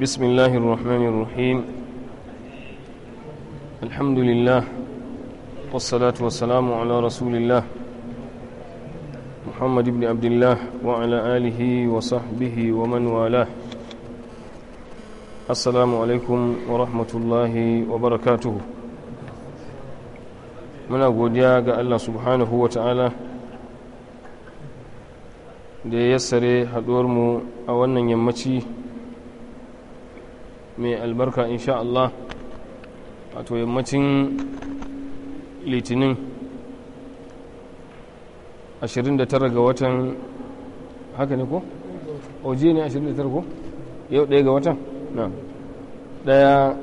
بسم الله الرحمن الرحيم الحمد لله والصلاة والسلام على رسول الله محمد بن عبد الله وعلى آله وصحبه ومن والاه السلام عليكم ورحمة الله وبركاته من أقول يا الله سبحانه وتعالى da ya yassare haɗuwarmu a wannan yammaci mai albarka insha Allah wato yammacin litinin 29 ga watan haka ne ko? oje oh, ne 29 ko? yau ɗaya ga watan? na ɗaya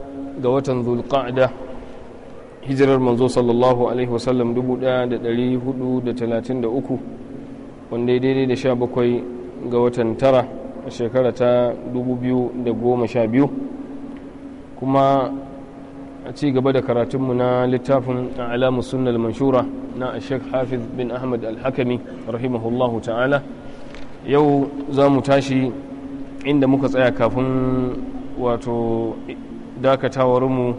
ga watan zulqa'da hijirar manzo sallallahu alaihi wasallam 1433 wanda ya daidai da 17 ga watan tara a shekara ta 2012 kuma a ci gaba da karatunmu na littafin alamu sunnal manshura na sheikh hafiz bin ahmad al-hakami rahimahullahu ta'ala yau za mu tashi inda muka tsaya kafin wato dakatawarmu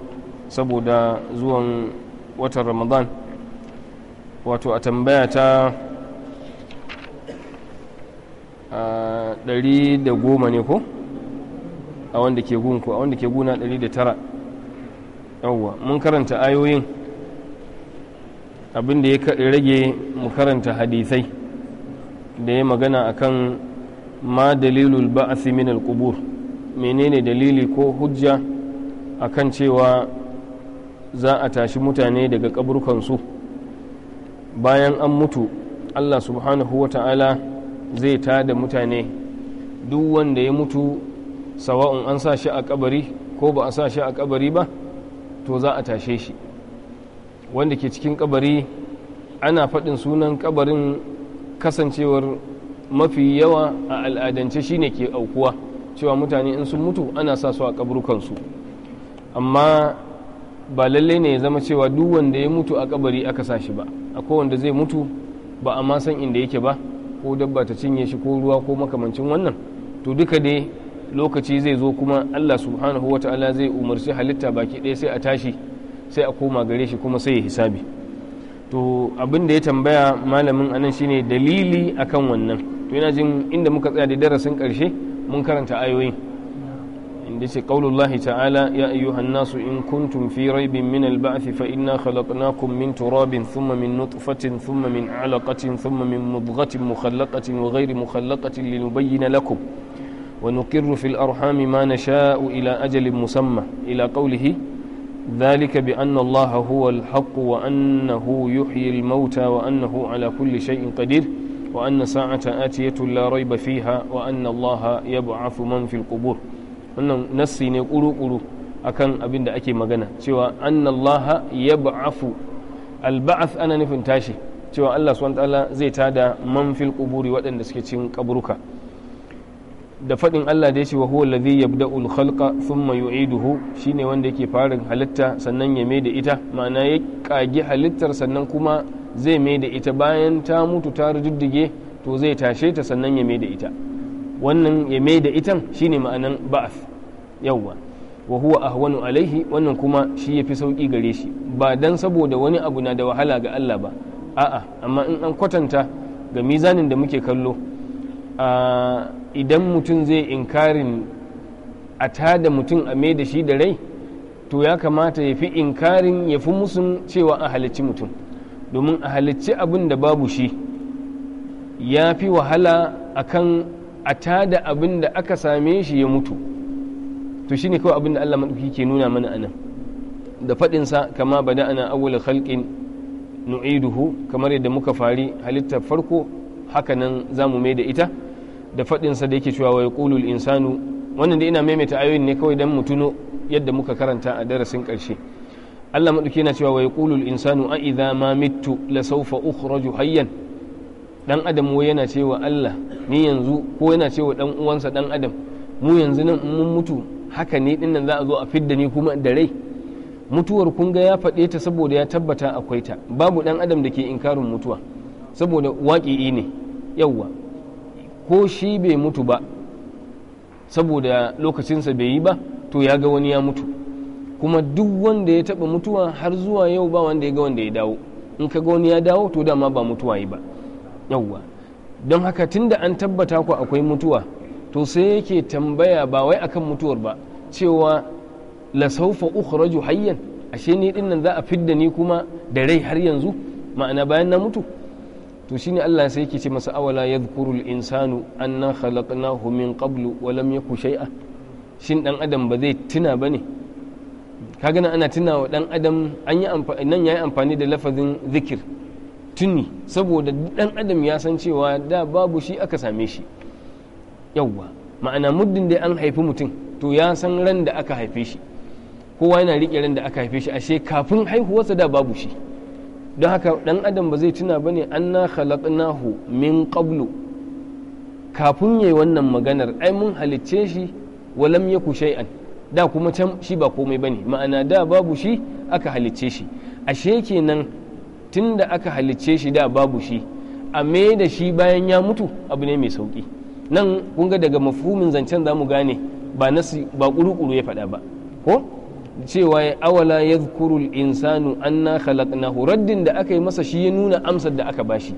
saboda zuwan watan ramadan wato a tambaya ta ɗari da goma ne ko? a wanda ke gunku a wanda ke guna 109 yawwa mun karanta ayoyin abin da ya rage mu karanta hadisai da ya magana akan ma dalilul ba'asi min mene menene dalili ko hujja akan cewa za a tashi mutane daga kaburkansu bayan an mutu Allah subhanahu wa ta'ala zai tada mutane duk wanda ya mutu sawa'un an sa shi a kabari ko ba a sa shi a kabari ba to za a tashe shi wanda ke cikin kabari ana faɗin sunan kabarin kasancewar mafi yawa a al'adance shine ke aukuwa cewa mutane in sun mutu ana sa su a kaburukansu amma ba lalle ne ya zama cewa duk wanda ya mutu a kabari aka sa shi ba a wanda zai mutu ba a ma san inda yake ba ko dabba ta cinye shi ko ruwa ko makamancin wannan to duka dai lokaci zai zo kuma Allah subhanahu ta'ala zai umarci halitta baki ɗaya sai a tashi sai a koma gare shi kuma sai ya hisabi to abin da ya tambaya malamin anan shine dalili akan wannan to yana jin inda muka tsaya da darasin karshe mun karanta ayoyin inda ce qaulullahi ta'ala ya ayyuhan nasu in kuntum fi raibin min alba'th fa inna khalaqnakum min turabin thumma min nutfatin thumma min alaqatin thumma min mudghatin mukhallaqatin wa ghayri mukhallaqatin linubayyana lakum ونقر في الأرحام ما نشاء إلى أجل مسمى إلى قوله ذلك بأن الله هو الحق وأنه يحيي الموتى وأنه على كل شيء قدير وأن ساعة آتية لا ريب فيها وأن الله يبعث من في القبور wannan nassi ne kuru-kuru akan abinda ake magana cewa annallaha ya ba'afu alba'ath ana nufin tashi cewa Allah subhanahu ta'ala zai tada man fil waɗanda suke cikin kaburuka da faɗin Allah da ya ce wa huwa alladhi yabda'ul khalqa thumma yu'iduhu shine wanda yake fara halitta sannan ya mai da ita ma'ana ya kage halittar sannan kuma zai mai da ita bayan ta mutu ta rujuddige to zai tashe ta sannan ya mai da ita wannan ya mai da itan shine ma'anan ba'ath yawwa wa huwa ahwanu alaihi wannan kuma shi yafi sauki gare shi ba dan saboda wani abu na da wahala ga Allah ba a'a amma in an kwatanta ga mizanin da muke kallo a ah, idan mutum zai inkarin a tada mutum a mai da shi da rai to ya kamata ya fi inkarin ya fi musun cewa a halicci mutum domin a halicci abin da babu shi ya fi wahala a kan a tada abin da aka same shi ya mutu to shi ne kawai abin da allah maɗauki ke nuna mana anan da faɗinsa kama bada ana awul khalqin nu'iduhu kamar yadda muka fari halittar farko haka nan za mu mai da ita da faɗinsa da yake cewa wai qulul insanu wannan da ina maimaita ayoyin ne kawai dan mutuno yadda muka karanta a darasin ƙarshe Allah maɗauki yana cewa wai qulul insanu a idza ma mittu la sawfa ukhraju hayyan dan adam wai yana cewa Allah ni yanzu ko yana cewa dan uwansa dan adam mu yanzu nan mun mutu haka ne dinnan za a zo a fidda ni kuma da rai mutuwar kun ga ya faɗe ta saboda ya tabbata akwai ta babu ɗan adam da ke inkarin mutuwa saboda waƙi'i ne yawwa ko shi bai mutu ba saboda lokacinsa bai yi ba to ya ga wani ya mutu kuma duk wanda ya taba mutuwa har zuwa yau ba wanda ya ga wanda ya dawo in ka ga wani ya dawo to dama ba mutuwa yi ba yauwa don haka tunda an tabbata ku akwai mutuwa to sai yake tambaya ba wai akan mutuwar ba cewa la saufa ukhraju hayyan ashe ni dinnan za a fidda ni kuma da rai har yanzu ma'ana bayan na mutu to shine Allah sai yake ce masa awala ya al-insanu na khalaqnahu min qablu walam ya yaku shay'a shin dan adam ba zai tuna ba ne ka gana ana tunawa dan adam nan ya yi amfani da lafazin zikir tuni saboda dan adam ya san cewa da babu shi aka same shi yawwa ma'ana muddin da an haifi mutum to ya san ran da aka haife shi kowa yana riƙe ran da aka haife shi ashe kafin haihuwarsa da babu shi don haka dan adam ba zai tuna bane anna khalaqnahu min qablu kafin yayi wannan maganar ai mun halicce shi walam yaku shay'an da kuma can shi ba komai bane ma'ana da babu shi aka halicce shi ashe kenan tunda aka halicce shi da babu shi a me da shi bayan ya mutu abu ne mai sauki nan kun ga daga mafhumin zancen mu gane ba nasi kuru ya faɗa ba ko cewa ya awala ya zukurul insanu na na huraddin da aka yi masa shi ya nuna amsar da aka bashi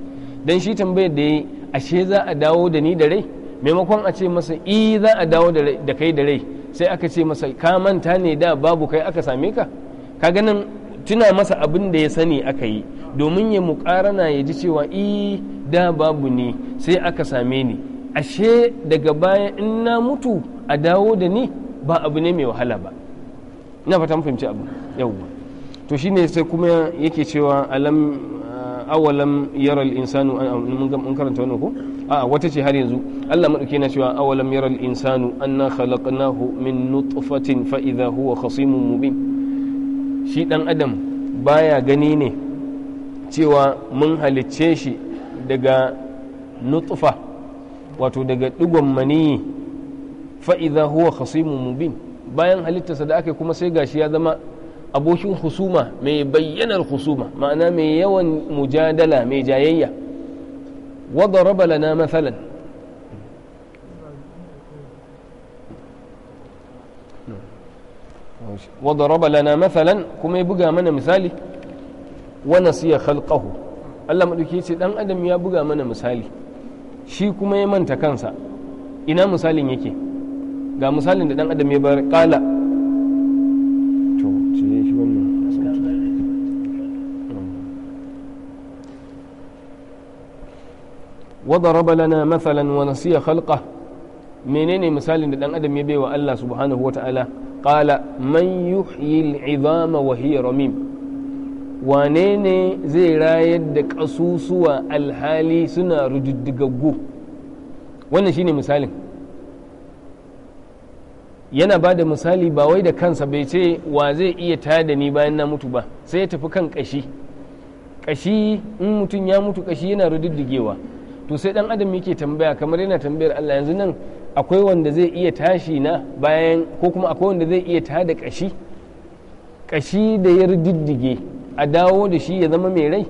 dan shi tambayar da ya ashe za a dawo da ni da rai maimakon a ce masa i e, za a dawo da kai da rai sai aka ce masa ka manta ne da babu kai aka same ka ka ganin tuna masa abin da ya sani aka yi domin ya mukarana ya ji cewa i e, da babu ne sai aka same ni ashe daga baya in na mutu a dawo da ni ba abu ne mai wahala ba ina fata mun fahimci abu yawwa to shine sai kuma yake cewa alam awalam yara insanu mun karanta wannan ko a wata ce har yanzu Allah madauke na cewa awalam yara na insanu anna khalaqnahu min nutfatin fa idha huwa khasimun mubin shi dan adam baya gani ne cewa mun halicce shi daga nutfa wato daga digon maniyi fa idha huwa khasimun mubin bayan halittarsa da aka kuma sai gashi ya zama abokin husuma mai bayyanar husuma ma'ana mai yawan mujadala mai jayayya wadda raba lana matsalan wadda raba lana matsalan kuma ya buga mana misali wana siya khalqahu Allah maɗauki ce ɗan adam ya buga mana misali shi kuma ya manta kansa ina misalin yake ga misalin da dan adam ya bar kala to ce shi wannan وضرب لنا مثلا ونسي menene misalin da dan adam ya baiwa Allah subhanahu wata'ala qala man yuhyi al'izama wa hiya ramim wane ne zai rayar da kasusuwa alhali suna rududdugaggu wannan shine misalin yana ba da misali ba wai da kansa bai ce wa zai iya tayar da ni bayan na mutu ba sai ya tafi kan kashi kashi in mutum ya mutu kashi yana rududdugewa to sai dan adam yake tambaya kamar yana tambayar Allah yanzu nan akwai wanda zai iya tashi na bayan ko kuma akwai wanda zai iya tayar da kashi kashi da ya rududdige a dawo da shi ya zama mai rai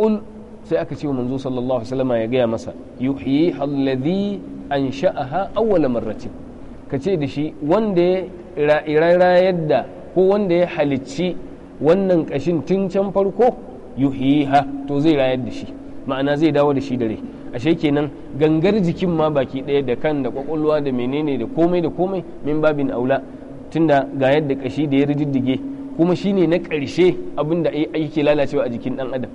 kul sai aka ce wa manzo sallallahu alaihi wasallam ya gaya masa yuhyi alladhi ansha'aha awwala marratin ka ce da shi wanda ya ra'ira yadda ko wanda ya halicci wannan kashin tun can farko yuhi ha to zai rayar da shi ma'ana zai dawo da shi dare ashe kenan gangar jikin ma baki ɗaya da kan da kwakwalwa da menene da komai da komai min babin aula tunda ga yadda kashi da ya rijiddige kuma shine na ƙarshe abin da yake lalacewa a jikin ɗan adam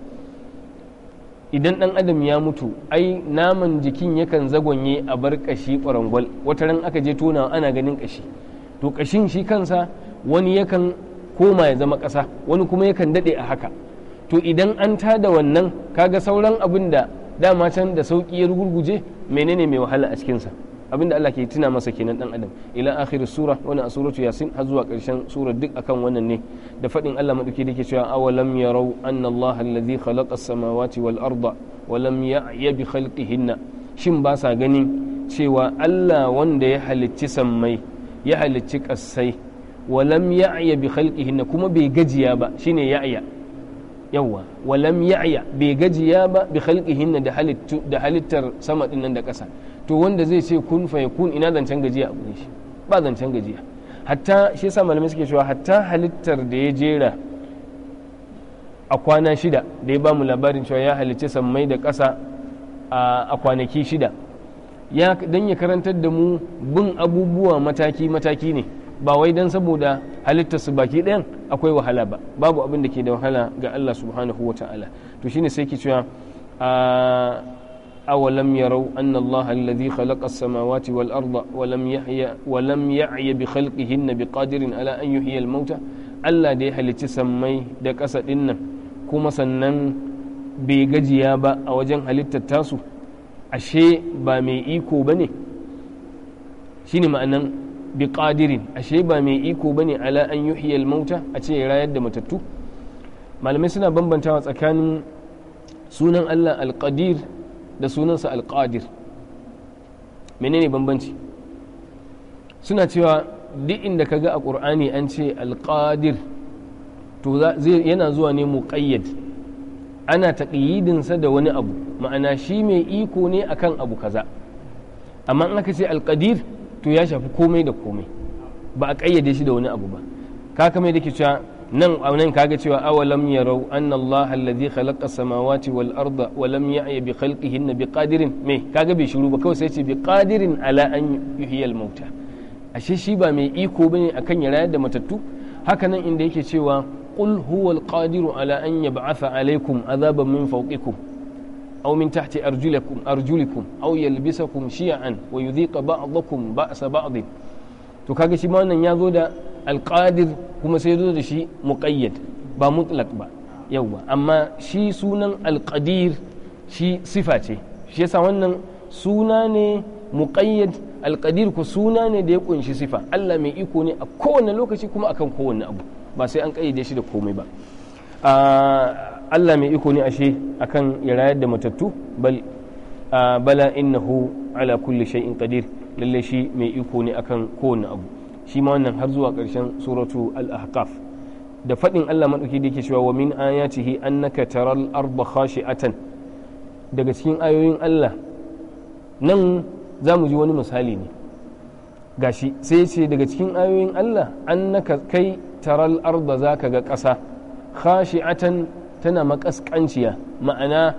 idan ɗan adam ya mutu ai naman jikin yakan zagonye a bar ƙashi ƙwarangwal wata ran aka je tona ana ganin ƙashi to ƙashin shi kansa wani yakan koma ya zama ƙasa wani kuma yakan daɗe a haka to idan an ta da wannan kaga sauran abin da dama can da sauƙi ya rugurguje menene mai wahala a cikinsa abinda Allah ke tuna masa kenan dan adam ila akhir sura wannan a suratu yasin har zuwa karshen sura duk akan wannan ne da fadin Allah madauki da ke cewa awalam yarau anna Allah alladhi khalaqa samawati wal arda wa lam ya'ya bi khalqihinna shin ba sa ganin cewa Allah wanda ya halicci sammai ya halicci kasai wa lam ya'ya bi khalqihinna kuma bai gajiya ba shine ya'ya yawwa walam ya'ya bai gajiya ba bi khalqihin da da halittar sama din da kasa to wanda zai ce kun fa yakun ina zancen gajiya a ne shi ba zancen gajiya hatta shi yasa malamai suke cewa hatta halittar da ya jera a kwana shida da ya bamu labarin cewa ya halicci sammai da ƙasa a kwanaki shida ya dan ya karantar da mu bin abubuwa mataki-mataki ne ba wai dan saboda halittar su baki ɗayan akwai wahala ba babu abin da ke da wahala ga Allah subhanahu wa ta'ala to shine sai ke cewa ah, أولم يروا أن الله الذي خلق السماوات والأرض ولم يحيى ولم يعي بخلقهن بقادر على أن يحيي الموتى ألا دي حلتي سمي دك أسد إن كما سنن بيجيا با أوجن حلت التاسو أشي بامي إيكو بني شيني ما أنن بقادر أشي بامي إيكو بني على أن يحيي الموتى أشي رايد متتو malamai suna bambanta tsakanin sunan allah alkadir da sunansa alƙadir menene bambanci suna cewa duk inda ka ga a ƙur'ani an ce alƙadir to yana zuwa ne muƙayyad ana taƙiyidinsa da wani abu ma'ana shi mai iko ne akan abu kaza amma in aka ce alƙadir to ya shafi komai da komai ba a ƙayyade shi da wani abu ba ka kamar da ke cewa nan nan kaga cewa awalam yarau anna Allah alladhi khalaqa samawati wal arda wa lam ya'ya bi khalqihinna bi qadirin me kaga bai shiru ba kawai sai ce bi qadirin ala an yuhyiya al mauta ashe shi ba mai iko bane akan ya da matattu haka nan inda yake cewa qul huwa al qadiru ala an yab'atha alaykum adhaban min fawqikum aw min tahti arjulikum arjulikum aw yalbisakum shi'an wa yudhiqa ba'dakum ba'sa ba'd to kaga shi ma wannan ya zo da alƙadir kuma sai zo da shi muƙayyad ba mutlaq ba yauwa amma shi sunan alƙadir shi sifa ce shi yasa wannan suna ne muƙayyad alƙadir ku suna ne da ya ƙunshi sifa Allah mai iko ne a kowane lokaci kuma a akan kowane abu ba sai an ƙayyade shi da komai ba ah, Allah mai iko ne ashe akan ya rayar da matattu bal ah, bala innahu ala kulli shay'in qadir lalle shi mai iko ne akan kowane abu shi ma wannan har zuwa ƙarshen suratu al-ahqaf da faɗin Allah maɗauki da yake cewa wa min ayatihi annaka taral arda khashi'atan daga cikin ayoyin Allah nan za mu ji wani misali ne gashi sai ce daga cikin ayoyin Allah annaka kai taral arda zaka ga ƙasa khashi'atan tana makaskanciya ma'ana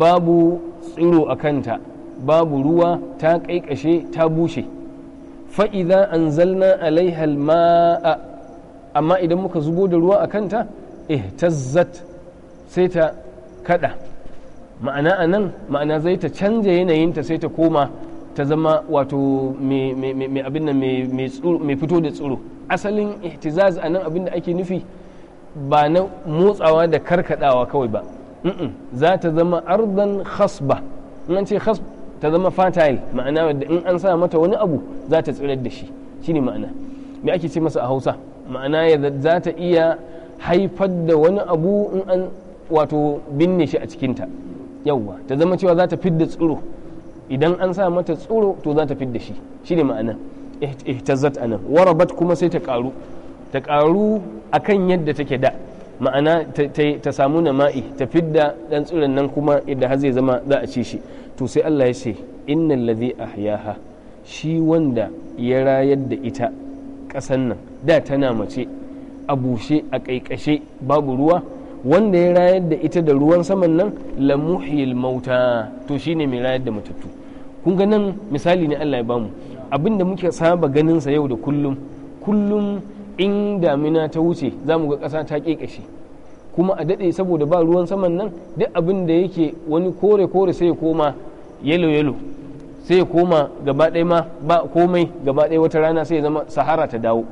babu tsiro a kanta babu ruwa ta ƙaiƙashe ta bushe fa'iza an zalna alaihal ma'a amma idan muka zubo da ruwa a kanta ihtazzat sai ta kada ma'ana a nan ma'ana zai ta canja yanayinta sai ta koma ta zama wato mai abin nan mai fito da tsoro asalin ihtizaz a nan abin da ake nufi ba na motsawa da karkadawa kawai ba za ta zama ardan khasba in an ce khasb ta zama fertile ma'ana wadda in an sa mata wani abu za ta tsirar da shi shine ma'ana me ake ce masa a hausa ma'ana ya za ta iya haifar da wani abu in an wato binne shi a cikinta yauwa ta zama cewa za ta fidda tsiro idan an sa mata tsiro to za ta fidda shi shine ma'ana ihtazat anan warabat kuma sai ta karu ta karu akan yadda take da ma'ana ta samu na ma'i ta fidda dan tsiron nan kuma idan har zai zama za a ci shi to sai Allah ya ce innal ladhi ahyaha shi wanda ya rayar da ita ƙasan nan da tana mace a bushe a ƙaiƙashe babu ruwa wanda ya rayar da ita da ruwan saman nan muhyil mauta to shine mai rayar da matattu kun ga nan misali ne Allah ya bamu abinda muke saba ganin sa yau da kullum kullum in damina ta wuce za mu ga ƙasa ta ƙeƙashe kuma a daɗe saboda ba ruwan saman nan duk abin da yake wani kore kore sai ya koma yelo yelo sai ya koma gaba ɗaya ma ba komai gaba ɗaya wata rana sai ya zama sahara ta dawo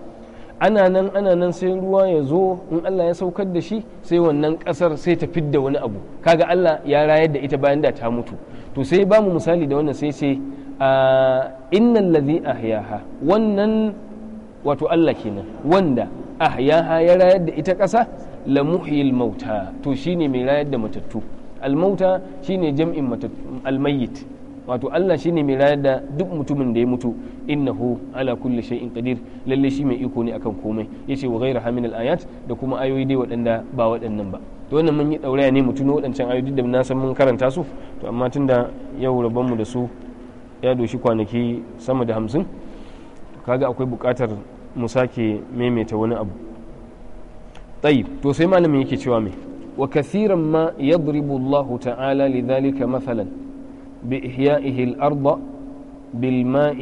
ana nan ana nan sai ruwa ya zo in Allah ya saukar da shi sai wannan kasar sai ta fidda wani abu kaga Allah ya rayar da ita bayan da ta mutu to sai ba mu misali da wannan sai sai ah, innal ladhi ahyaha wannan wato Allah kenan wanda ahyaha ya rayar da ita ƙasa la mauta to shine mai rayar da matattu almauta shine jam'in almayit wato Allah shine mai rayar da duk mutumin da ya mutu innahu ala kulli shay'in qadir lalle shi mai iko ne akan komai yace wa ghayra min ayat da kuma ayoyi dai waɗanda ba waɗannan ba to wannan mun yi dauraya ne mutuno waɗancan ayoyi da na san mun karanta su to amma tun da yau rabon mu da su ya doshi kwanaki sama da hamsin kaga akwai bukatar mu sake maimaita wani abu طيب توسيم أنا ميكي توامي وكثيرا ما يضرب الله تعالى لذلك مثلا بإحيائه الأرض بالماء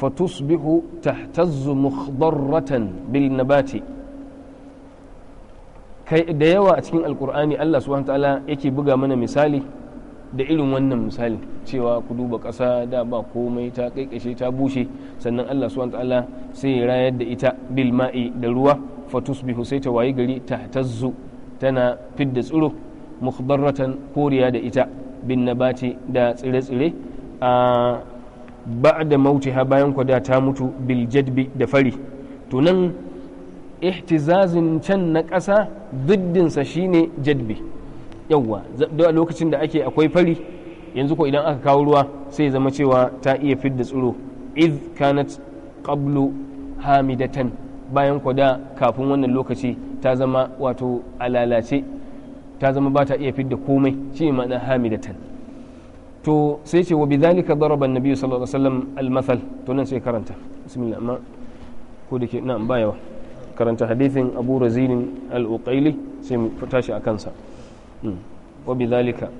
فتصبح تهتز مخضرة بالنبات كي ديوا أتكين القرآن الله سبحانه وتعالى إكي بقى من مثالي دعيل من مثالي cewa ku duba ƙasa da ba komai ta ƙaiƙashe ta bushe sannan Allah subhanahu ta'ala sai ya rayar da ita bil ma'i da ruwa fatus bihu sai ta wayi gari ta tazzu tana fidda tsiro mukhdarratan koriya da ita bin nabati da tsire-tsire a ba'da ha bayan kwada ta mutu bil jadbi da fari to nan ihtizazin can na ƙasa diddinsa shine jadbi yawwa da lokacin da ake akwai fari yanzu ko idan aka kawo ruwa sai zama cewa ta iya fidda tsiro iz kanat qablu hamidatan bayan ko kafin wannan lokaci ta zama wato alalace ta zama ba ta iya fidda komai shi ma'ana hamidatan to sai ce wa bidhalika daraba an-nabi sallallahu alaihi wasallam al-mathal to nan sai karanta bismillah amma ko dake na'am ba yawa karanta hadithin Abu Razin al-Uqayli sai mu tashi akan sa hmm. wa bidhalika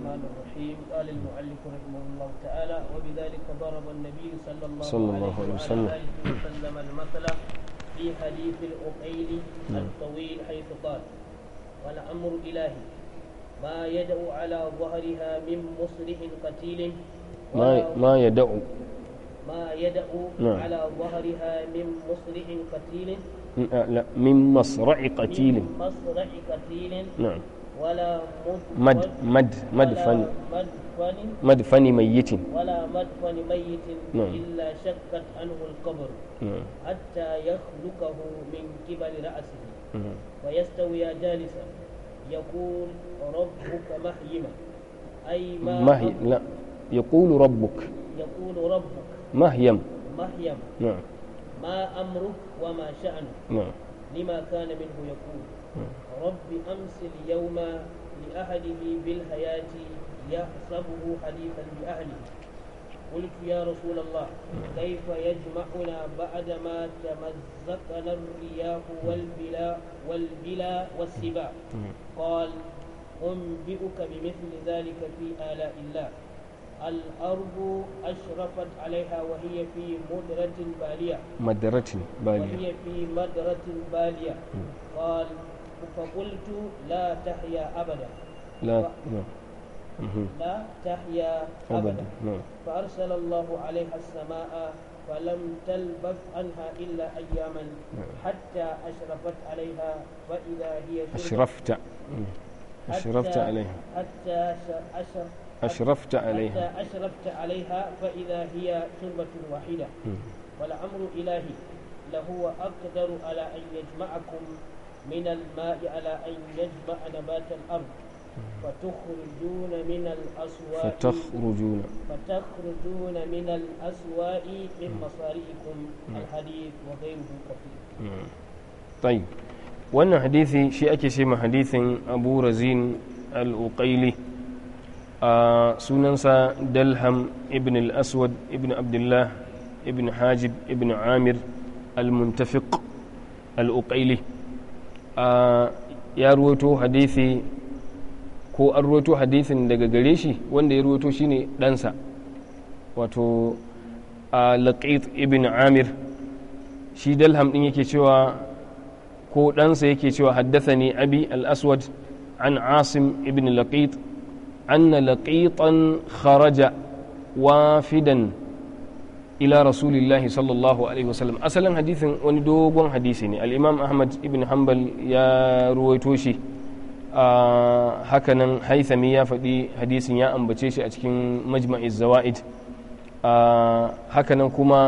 الحديث قال المؤلف رحمه الله تعالى وبذلك ضرب النبي صلى الله, صلى الله عليه وسلم وسلم المثل في حديث الأقيل نعم. الطويل حيث قال والأمر إلهي ما يدعو على ظهرها من مسرح قتيل ما ما يدعو ما يدعو نعم. على ظهرها من مسرع قتيل لا من مصرع قتيل من مصرع قتيل نعم ولا مد مد مدفن مدفن مدفن ميت ولا مدفن ميت نعم. إلا شكت عنه القبر نعم. حتى يخلقه من قبل رأسه نعم. ويستوي جالسا يقول ربك مهيما أي ما محي... لا يقول ربك يقول ربك مهيم مهيم نعم ما أمرك وما شأنك نعم لما كان منه يقول رب أمس اليوم لأهله بالحياة يحسبه حليفا بأهله قلت يا رسول الله كيف يجمعنا بعدما تمزقنا الرياح والبلا والبلا والسباع قال أنبئك بمثل ذلك في آلاء الله الأرض أشرفت عليها وهي في مدرة بالية مدرة بالية وهي في مدرة بالية قال فقلت لا تحيا أبدا لا نعم لا تحيا أبدا نعم فأرسل الله عليها السماء فلم تلبث عنها إلا أياما نعم. حتى أشرفت عليها وإذا هي أشرفت أشرفت عليها حتى أشرفت عليها حتى أشرفت عليها فإذا هي شربة واحدة والأمر إلهي لهو أقدر على أن يجمعكم من الماء على أن يجمع نبات الأرض فتخرجون من الأسواء فتخرجون فتخرجون من الأسواء من مصاريكم الحديث وغيره كثير طيب وأن حديثي شيء كسيما حديث أبو رزين الأقيلي آه، سننسى دلهم ابن الأسود ابن عبد الله ابن حاجب ابن عامر المنتفق الأقيلي ya ruwato hadisi ko an ruwato hadisin daga gare shi wanda ya ruwato shine ɗansa wato laqit ibn amir shi dalham ɗin yake cewa ko ɗansa yake cewa haddasa ne abi al-aswad an asim ibn laqit anna laqitan kharaja wafidan ila rasulillahi sallallahu alaihi wasallam asalin hadisin wani dogon hadisi ne al'imam ahmad ibn hanbal ya ruwaito shi a hakanan haithami ya faɗi hadisin ya ambace shi a cikin majma'iz zawa'id a hakanan kuma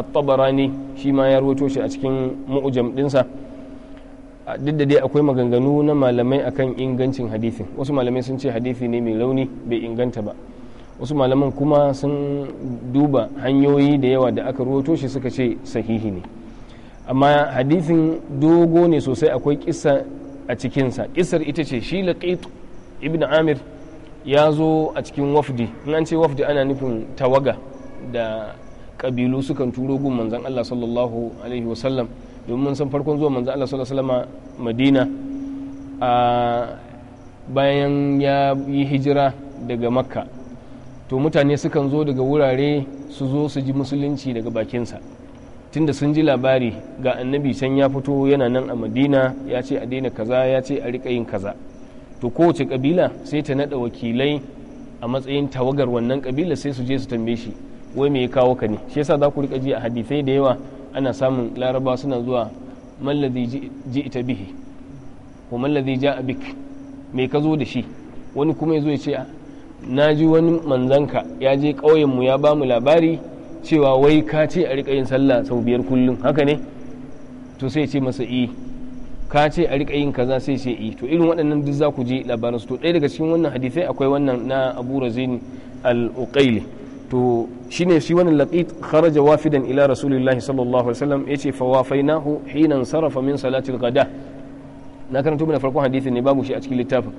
a tabarani shi ma ya ruwaito shi a cikin mu'ujam ɗinsa duk da dai akwai maganganu na malamai akan ingancin hadisin wasu malamai sun ce hadisi ne mai launi bai inganta ba wasu malaman kuma sun duba hanyoyi da yawa da aka ruwato shi suka ce sahihi ne amma hadithin dogo ne sosai akwai kisa a cikinsa kisar ita ce shi laqit ibn amir ya zo a cikin wafdi in an ce wafdi ana nufin tawaga da kabilu sukan turo gun manzan Allah sallallahu alaihi wasallam domin san farkon zuwa manzan Allah sallallahu alaihi madina a bayan ya yi hijira daga makka to mutane sukan zo daga wurare su zo su ji musulunci daga bakinsa tunda sun ji labari ga annabi can ya fito yana nan a madina ya ce a daina kaza ya ce a riƙa yin kaza to kowace kabila sai ta naɗa wakilai a matsayin tawagar wannan kabila sai su je su tambaye shi wai me ya kawo ka ne shi yasa za ku riƙa ji a hadisai da yawa ana samun laraba suna zuwa mallazi ji ita bihi ko mallazi ja abik me ka zo da shi wani kuma ya zo ya ce na ji wani manzanka ya je ƙauyenmu ya ba mu labari cewa wai ka ce a riƙa yin sallah sau biyar kullum haka ne to sai ce masa i eh, ka ce a riƙa yin kaza sai ce i eh. to irin waɗannan duk za ku je labaransu to ɗaya daga cikin wannan hadisai akwai wannan na abu razin al-uqaili to ne shi wani laƙit kharaja wafidan ila rasulillahi sallallahu alaihi wasallam yace fa wafainahu hinan sarafa min salatil gada na karanta mana farkon hadisin ne babu shi a cikin littafin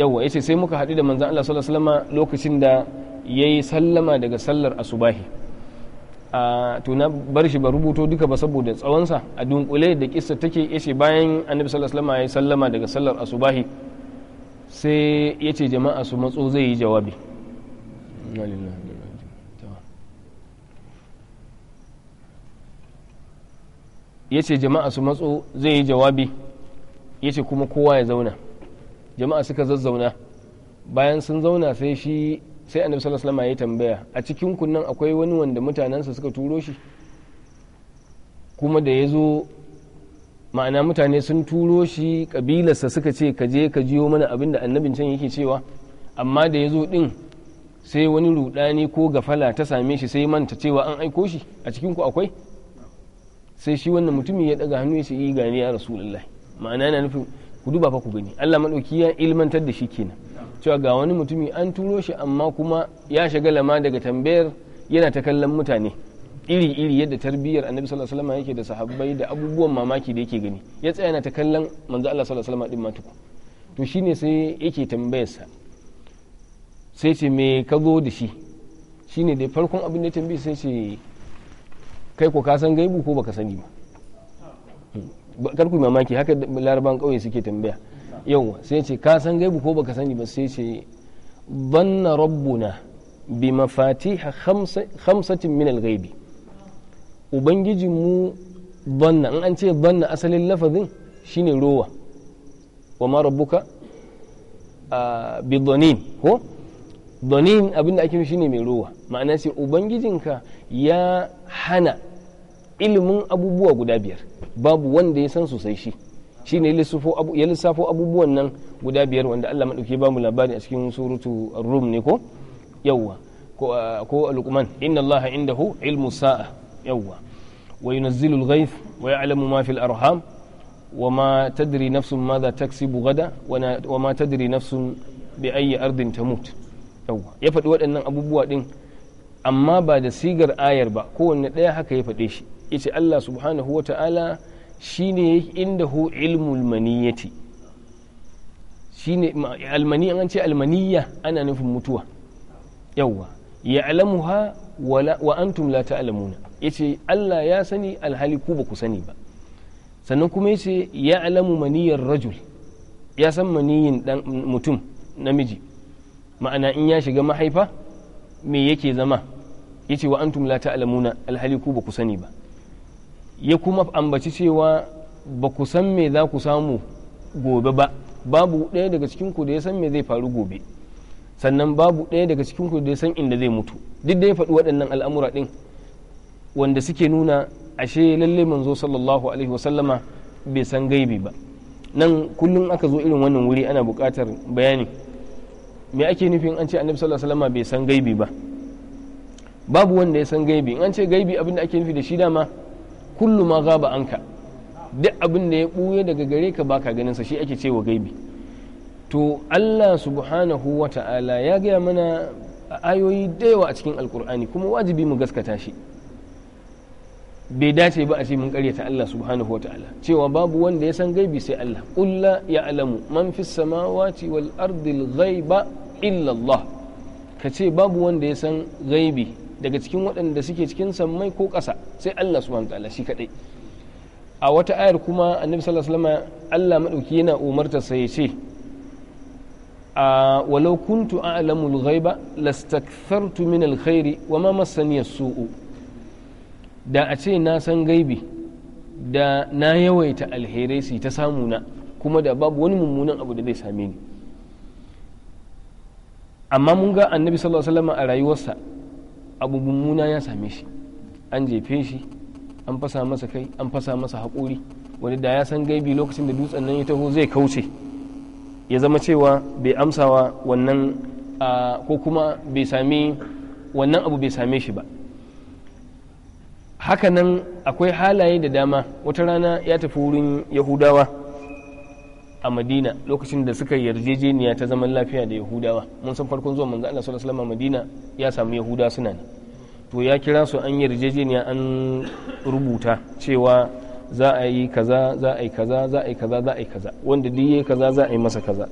ya ce sai muka haɗu da manzan Allah sallallahu alaihi wasallam lokacin da yayi sallama daga sallar asubahi a to na bar shi ba rubuto duka ba saboda tsawonsa a dunkule da kissa take ya ce bayan annabi sallallahu alaihi wasallam yayi sallama daga sallar asubahi sai ya ce jama'a su matso zai yi jawabi ya ce jama'a su matso zai yi jawabi ya ce kuma kowa ya zauna jama'a suka zazzauna bayan sun zauna sai shi sai annabi sallallahu alaihi wasallam ya tambaya a cikin nan akwai wani wanda mutanensa suka turo shi kuma da ya zo ma'ana mutane sun turo shi kabilarsa suka ce ka je ka jiyo mana abin da annabin can yake cewa amma da ya zo din sai wani rudani ko gafala ta same shi sai manta cewa an aiko shi a cikin ku akwai sai shi wannan mutumin ya daga hannu ya ce yi eh, gani ya rasulullahi ma'ana na nufin ku duba fa ku gani Allah madauki ya ilmantar da shi kenan cewa ga wani mutumi an turo shi amma kuma ya shiga lama daga tambayar yana ta kallon mutane iri iri yadda tarbiyyar annabi sallallahu alaihi wasallam yake da sahabbai da abubuwan mamaki da yake gani ya tsaya yana ta kallon manzo Allah sallallahu alaihi wasallam din ma to shine sai yake tambayarsa sai ce me ka zo da shi shine dai farkon abin da ya sai ce kai ko ka san gaibu ko baka sani ba hmm. kar ku mamaki haka laraban kauye suke tambaya yau sai ce ka san gaibu ko baka sani ba sai ce banna rabbuna bi mafatiha khamsatin min al-ghaibi ubangijin mu banna in an ce banna asalin lafazin shine rowa wa ma rabbuka bi dhanin ko dhanin abinda ake shine mai rowa ma'ana sai ubangijinka ya hana ilimin abubuwa guda biyar babu wanda ya san sosai shi shi ne ya lissafo abubuwan nan guda biyar wanda Allah maɗauki ba mu labari a cikin surutu rum ne ko yawwa ko ah, alukman inna allaha indahu ilmu sa'a yawwa wa yunazzilu al wa ya'lamu ma fil arham wa ma tadri nafsun madha taksibu gada wa ma tadri nafsun bi ayyi ardin tamut yawwa ya faɗi waɗannan abubuwa din amma ba da sigar ayar ba kowanne ɗaya haka ya faɗe shi yace Allah subhanahu wa ta'ala shine inda hu ilmul shi ne almani an ce almaniyya ana nufin mutuwa yawwa ha wa antum la ya yace Allah ya sani alhali ku ba ku sani ba sannan kuma yace alamu maniyar rajul ya san maniyin mutum namiji ma'ana in ya shiga mahaifa me yake zama yace wa antum la alamuna alhali ku ba ku sani ba ya kuma ambaci cewa ba ku san me za ku samu gobe ba babu ɗaya daga cikinku da ya san me zai faru gobe sannan babu ɗaya daga cikinku da ya san inda zai mutu duk da ya faɗi waɗannan al'amura ɗin wanda suke nuna ashe lalle manzo sallallahu alaihi wasallama bai san gaibi ba nan kullum aka zo irin wannan wuri ana buƙatar bayani me ake nufin an ce annabi sallallahu alaihi wasallama bai san gaibi ba babu wanda ya san gaibi in an ce gaibi abin da ake nufi da shi dama kullu ma gaba anka duk abin da ya buye daga gare ka baka ganin sa shi ake ce wa gaibi to Allah subhanahu wa ta'ala ya gaya mana ayoyi da yawa a cikin alkur'ani kuma wajibi mu gaskata shi bai dace ba a ce mun karyata Allah subhanahu wa ta'ala cewa babu wanda ya san gaibi sai Allah ulla ya alamu man fi samawati wal ardil ghaiba illa Allah ka ce babu wanda ya san gaibi daga cikin waɗanda suke cikin sammai ko ƙasa sai Allah subhanahu ta'ala shi kaɗai a wata ayar kuma annabi sallallahu alaihi Allah madauki yana umarta sa ce a walau kuntu a'lamu al-ghaiba lastakthartu min al-khairi wa ma massani suu da a ce na san gaibi da na yawaita alherai su ta samu na kuma da babu wani mummunan abu da zai same ni amma mun ga annabi sallallahu alaihi wasallam a rayuwarsa abu muna ya same shi an jefe shi an fasa masa kai an fasa masa haƙuri wani da ya san gaibi lokacin da dutsen nan ya taho zai kauce ya zama cewa bai amsawa wannan ko kuma bai sami wannan abu bai same shi ba hakanan akwai halaye da dama wata rana ya tafi wurin yahudawa a madina lokacin da suka yarjejeniya ta zaman lafiya da yahudawa mun san farkon zuwa manzo Allah sallallahu alaihi madina ya samu yahuda suna ne to ya kira su an yarjejeniya an rubuta cewa za a yi kaza za a yi kaza za a yi kaza za a yi kaza wanda duk yayi kaza za a yi masa kaza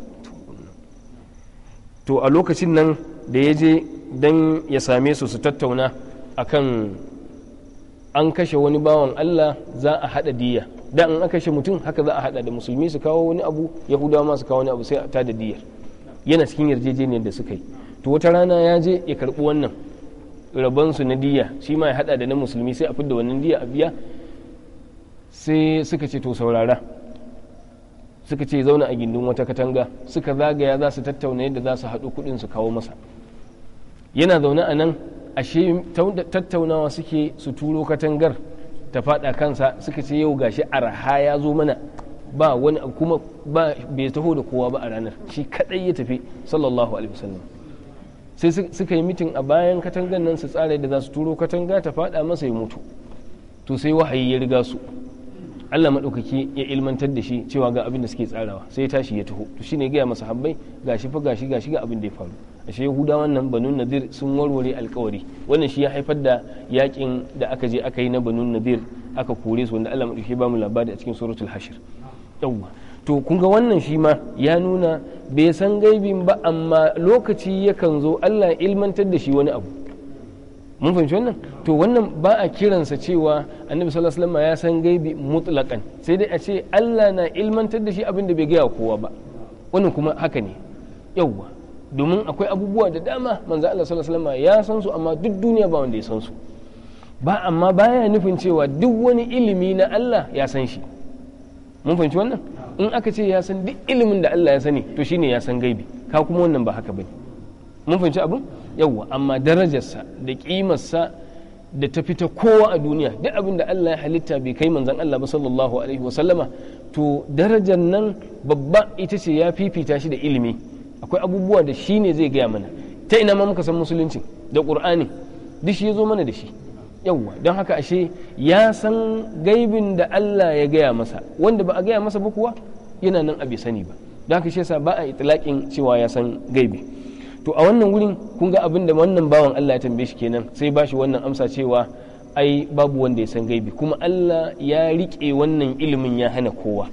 to a lokacin nan da ya je dan ya same su su tattauna akan an kashe wani bawan Allah za a haɗa diya da an a kashe mutum haka za a haɗa da musulmi su kawo wani abu yahudawa masu kawo wani abu sai a da diyar yana cikin yarjejeniyar da suka yi to wata rana ya je ya karɓi wannan rabansu na diya shi ma ya haɗa da na musulmi sai a fidda wannan diya a biya sai suka ce to saurara suka ce zauna a gindin wata katanga suka zagaya za su tattauna yadda za su haɗu kuɗin su kawo masa yana zaune a nan ashe tattaunawa suke su turo katangar ta fada kansa suka ce yau gashi arha ya zo mana ba wani kuma ba bai taho da kowa ba a ranar shi kadai ya tafi sallallahu alaihi wasallam sai suka yi mitin a bayan katangar nan su tsara da za su turo katanga ta fada masa ya mutu to sai wahayi ya riga su Allah maɗaukaki ya ilmantar da shi cewa ga abin da suke tsarawa sai ya tashi ya taho to shine ga masa habbai gashi fa gashi gashi ga abin da ya faru ashe yahuda wannan banu nadir sun warware alkawari wannan shi ya haifar da yakin da aka je aka yi na banu nadir aka kore su wanda Allah madauke ba mu labari a cikin suratul hashir yawwa to kun ga wannan shi ma ya nuna bai san gaibin ba amma lokaci yakan zo Allah ilmantar da shi wani abu mun fahimci wannan to wannan ba a kiransa cewa annabi sallallahu alaihi wasallam ya san gaibi mutlaqan sai dai a ce Allah na ilmantar da shi abin da bai gaya kowa ba wannan kuma haka ne yawwa domin akwai abubuwa da dama manzo Allah sallallahu alaihi ya san su amma duk duniya ba wanda ya san su ba amma baya nufin cewa duk wani ilimi na Allah ya san shi mun fahimci wannan in aka ce ya san duk ilimin da Allah ya sani to shine ya san gaibi ka kuma wannan ba haka bane mun fahimci abun? yawwa amma darajarsa da kimarsa da ta fita kowa a duniya duk abin da Allah ya halitta bai kai manzon Allah ba sallallahu alaihi wa sallama to darajar nan babba ita ce ya fifita shi da ilimi akwai abubuwa da shi ne zai gaya mana ta ina ma muka san musulunci da ƙur'ani duk shi ya zo mana da shi yawwa don haka ashe ya san gaibin da Allah ya gaya masa wanda ba a gaya masa ba kuwa yana nan a bai sani ba don haka shi yasa ba a itilakin cewa ya san gaibi to a wannan wurin kun ga abin da wannan bawan Allah ya tambaye shi kenan sai ba shi wannan amsa cewa ai babu wanda ya san gaibi kuma Allah ya rike wannan ilimin ya hana kowa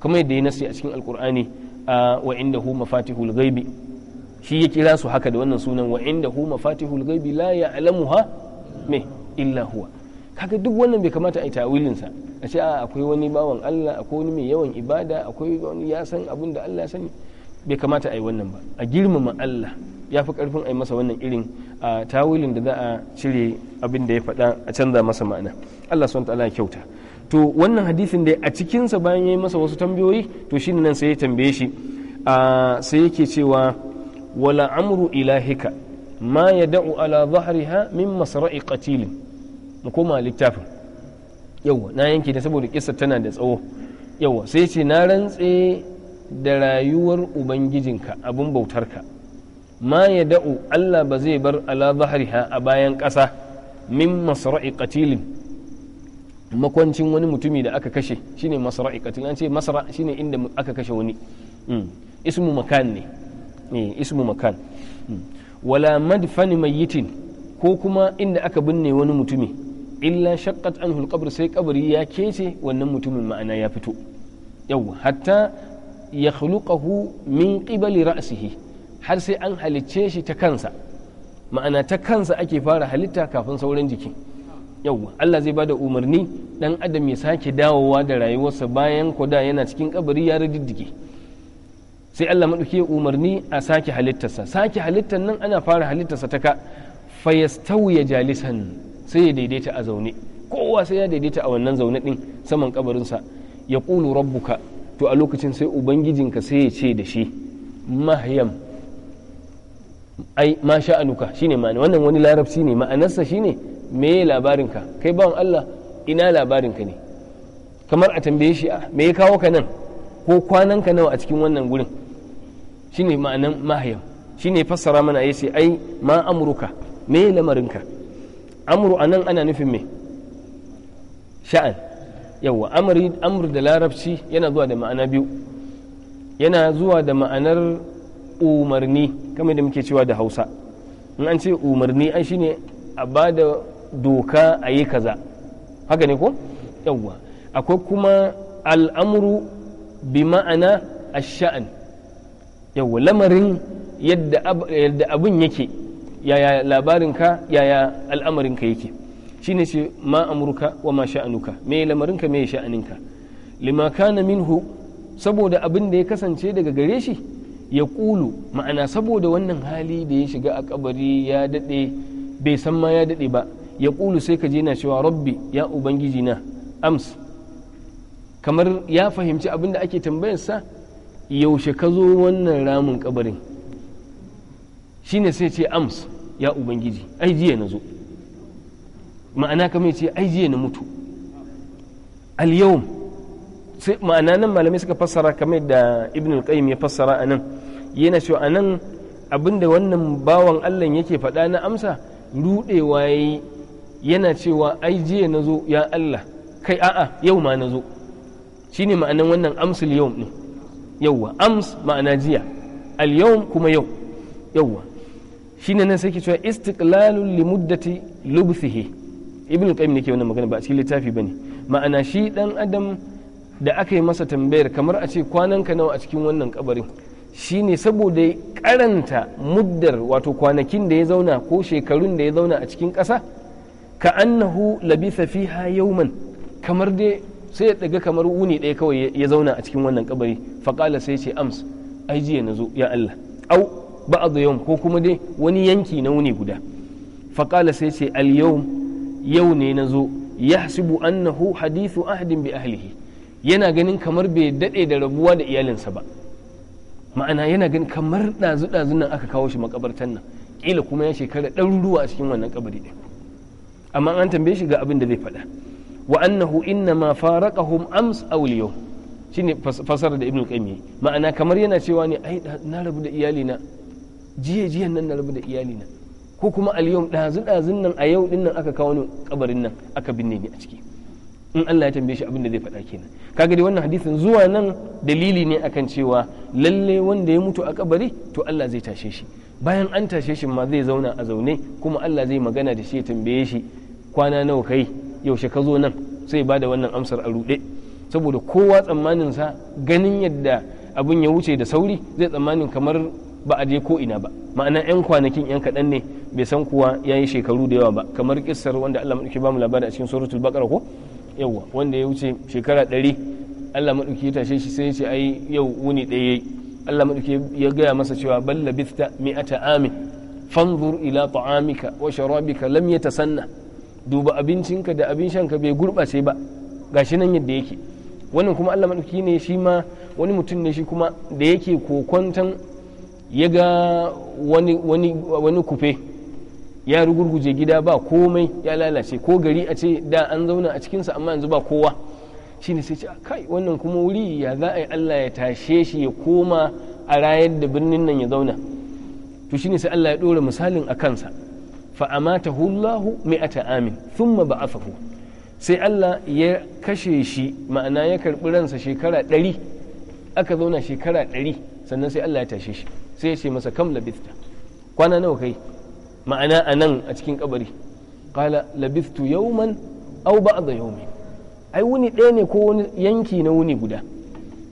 kamar yadda ya nasi a cikin alkur'ani wa hu mafatihul ghaibi shi ya kira su haka da wannan sunan wa huma mafatihul ghaibi la ya'lamuha me illa huwa kaga duk wannan bai kamata a yi tawilin sa a ce a akwai wani bawan Allah akwai wani mai yawan ibada akwai wani ya san abin da Allah sani bai kamata a yi wannan ba a girmama Allah ya fi karfin a yi masa wannan irin a tawilin da za a cire abin da ya faɗa a canza masa ma'ana Allah subhanahu wa ta'ala ya kyauta to wannan hadisin da a cikinsa bayan ya yi masa wasu tambayoyi to shi nan sai ya tambaye shi sai yake cewa wala amru ilahika ma ya da'u ala ha min masra'i qatilin mu koma littafin yawa na yanke ne saboda kisa tana da tsawo yawa sai ce na rantse da rayuwar ubangijinka abin bautarka ma ya da'u Allah ba zai bar ala ha a bayan ƙasa min masra'i qatilin makwancin wani mutumi da aka kashe shine masara ikatin an ce masara shine inda aka kashe wani mm. ismu makan ne eh, ismu makan mm. wala madfani mayyitin ko kuma inda aka binne wani mutumi illa shaqqat anhu alqabr sai kabari ya kece wannan mutumin ma'ana ya fito yau hatta yakhluqahu min qibali ra'sihi har sai an halicce shi ta kansa ma'ana ta kansa ake fara halitta kafin sauran jiki yau Allah zai bada umarni dan adam ya sake dawowa da rayuwarsa bayan kwada yana cikin kabari ya riddige sai Allah maɗauki umarni a sake halittarsa sake halittar nan ana fara halittarsa ta ka fayastawiya jalisan sai ya daidaita a zaune kowa sai ya daidaita a wannan zaune din saman kabarinsa ya kulu rabbuka to a lokacin sai ubangijinka sai ya ce da shi mahyam ai ma sha'anuka shine ma'ana wannan wani larabci ne ma'anarsa shine me labarinka kai bawan Allah ina labarinka ne kamar a tambaye shi ah, me ya kawo ka nan ko kwanan ka nawa a cikin wannan gurin shine ma'anan mahayam shine fassara mana yace ai ma amruka me lamarinka amru anan ana nufin me sha'an yawa amri da larabci yana zuwa da ma'ana biyu yana zuwa da ma'anar umarni kamar da muke cewa da hausa in an ce umarni an shine a ba da doka a yi kaza haka ne ko yawwa akwai kuma al'amuru bi ma'ana a shaan yawwa lamarin yadda abin yake yaya labarinka yaya al'amarinka yake ne ce ma’amurka wa ma sha'anuka me lamarinka me sha'aninka limaka na minhu saboda abin da ya kasance daga gare shi ya kulu ma'ana saboda wannan hali da ya shiga a kabari ya daɗe bai san ma ya daɗe ba ya ƙulu sai ka je na cewa rabbi ya ubangiji na ams kamar ya fahimci abin da ake tambayarsa yaushe ka zo wannan ramin kabarin shine sai ce ams ya ubangiji ai jiya na zo ma'ana kamar ce ai jiya na mutu al ma'ana nan malamai suka fassara kamar da ibn al-qayyim ya fassara a nan yana cewa anan abinda wannan bawan allah yake faɗa na amsa rudewa ya yi yana cewa ai jiya na zo ya Allah kai a'a yau ma na zo shine ma'anan wannan amsul yau ne yauwa ams ma'ana jiya al yau kuma yau yauwa shine nan sai ke cewa istiklalun li muddati lubthihi ibn qayyim ne ke wannan magana ba a cikin littafi bane ma'ana shi dan adam da aka yi masa tambayar kamar a ce kwananka nawa a cikin wannan kabarin shi ne saboda karanta muddar wato kwanakin da ya zauna ko shekarun da ya zauna a cikin ƙasa ka annahu labitha fiha yawman kamar dai sai ya daga kamar wuni ɗaya kawai ya zauna a cikin wannan kabari faƙala sai ce ams ai jiya na ya Allah au ba'd yawm ko kuma dai wani yanki na wuni guda faƙala sai ce al yawm yau ne na zo yahsibu annahu hadithu ahdin bi ahlihi yana ganin kamar bai daɗe da rabuwa da iyalinsa ba ma'ana yana ganin kamar ɗazu-ɗazun nan aka kawo shi makabartan nan ƙila kuma ya shekara ɗaruruwa a cikin wannan kabari ɗin amma an tambaye shi ga abin da zai faɗa wa annahu inna ma faraqahum ams aw al-yawm shine fasara da ibnu qayyim ma'ana kamar yana cewa ne ai na rabu da iyalina jiye jiyan nan na rabu da iyalina ko kuma al-yawm dazu dazun nan a yau din nan aka kawo ni kabarin nan aka binne ni a ciki in Allah ya tambaye shi abin da zai faɗa kenan kaga dai wannan hadisin zuwa nan dalili ne akan cewa lalle wanda ya mutu a kabari to Allah zai tashe shi bayan an tashe shi ma zai zauna a zaune kuma Allah zai magana da shi ya tambaye shi kwana nawa kai yaushe ka zo nan sai ba da wannan amsar a ruɗe saboda kowa tsammanin sa ganin yadda abin ya wuce da sauri zai tsammanin kamar ba a je ko ina ba ma'ana yan kwanakin yan kaɗan ne bai san kuwa ya yi shekaru da yawa ba kamar kissar wanda Allah maɗauki ba mu labari a cikin suratul ko yawa wanda ya wuce shekara ɗari Allah maɗauki ya tashe shi sai ya ce ai yau wuni ɗaya yayi Allah maɗauki ya gaya masa cewa balla bista mi'ata amin fanzur ila ta'amika wa sharabika lam yatasanna duba abincinka da abin shanka bai gurɓace ba gashi nan yadda yake wannan kuma Allah maɗauki ne shi ma wani mutum ne shi kuma da yake kokwantan ya ga wani, wani, wani kufe ya rugurguje gida ba komai ya lalace ko gari a ce da an zauna a cikinsa amma yanzu ba kowa shi ne sai ce kai wannan kuma wuri ya za a yi Allah ya tashe shi ya koma a rayar da birnin nan ya zauna to shi ne sai Allah ya ɗora misalin a kansa fa amatahu Allahu mi'ata amin a sahu. sai Allah ya kashe shi ma'ana ya karbi ransa shekara ɗari aka zauna shekara ɗari sannan sai Allah ya tashe shi sai ya ce masa kam labista kwana nawa kai ma'ana a nan a cikin kabari qala labistu yawman aw ba'da yawmi ai wuni ɗaya ne ko wani yanki na wuni guda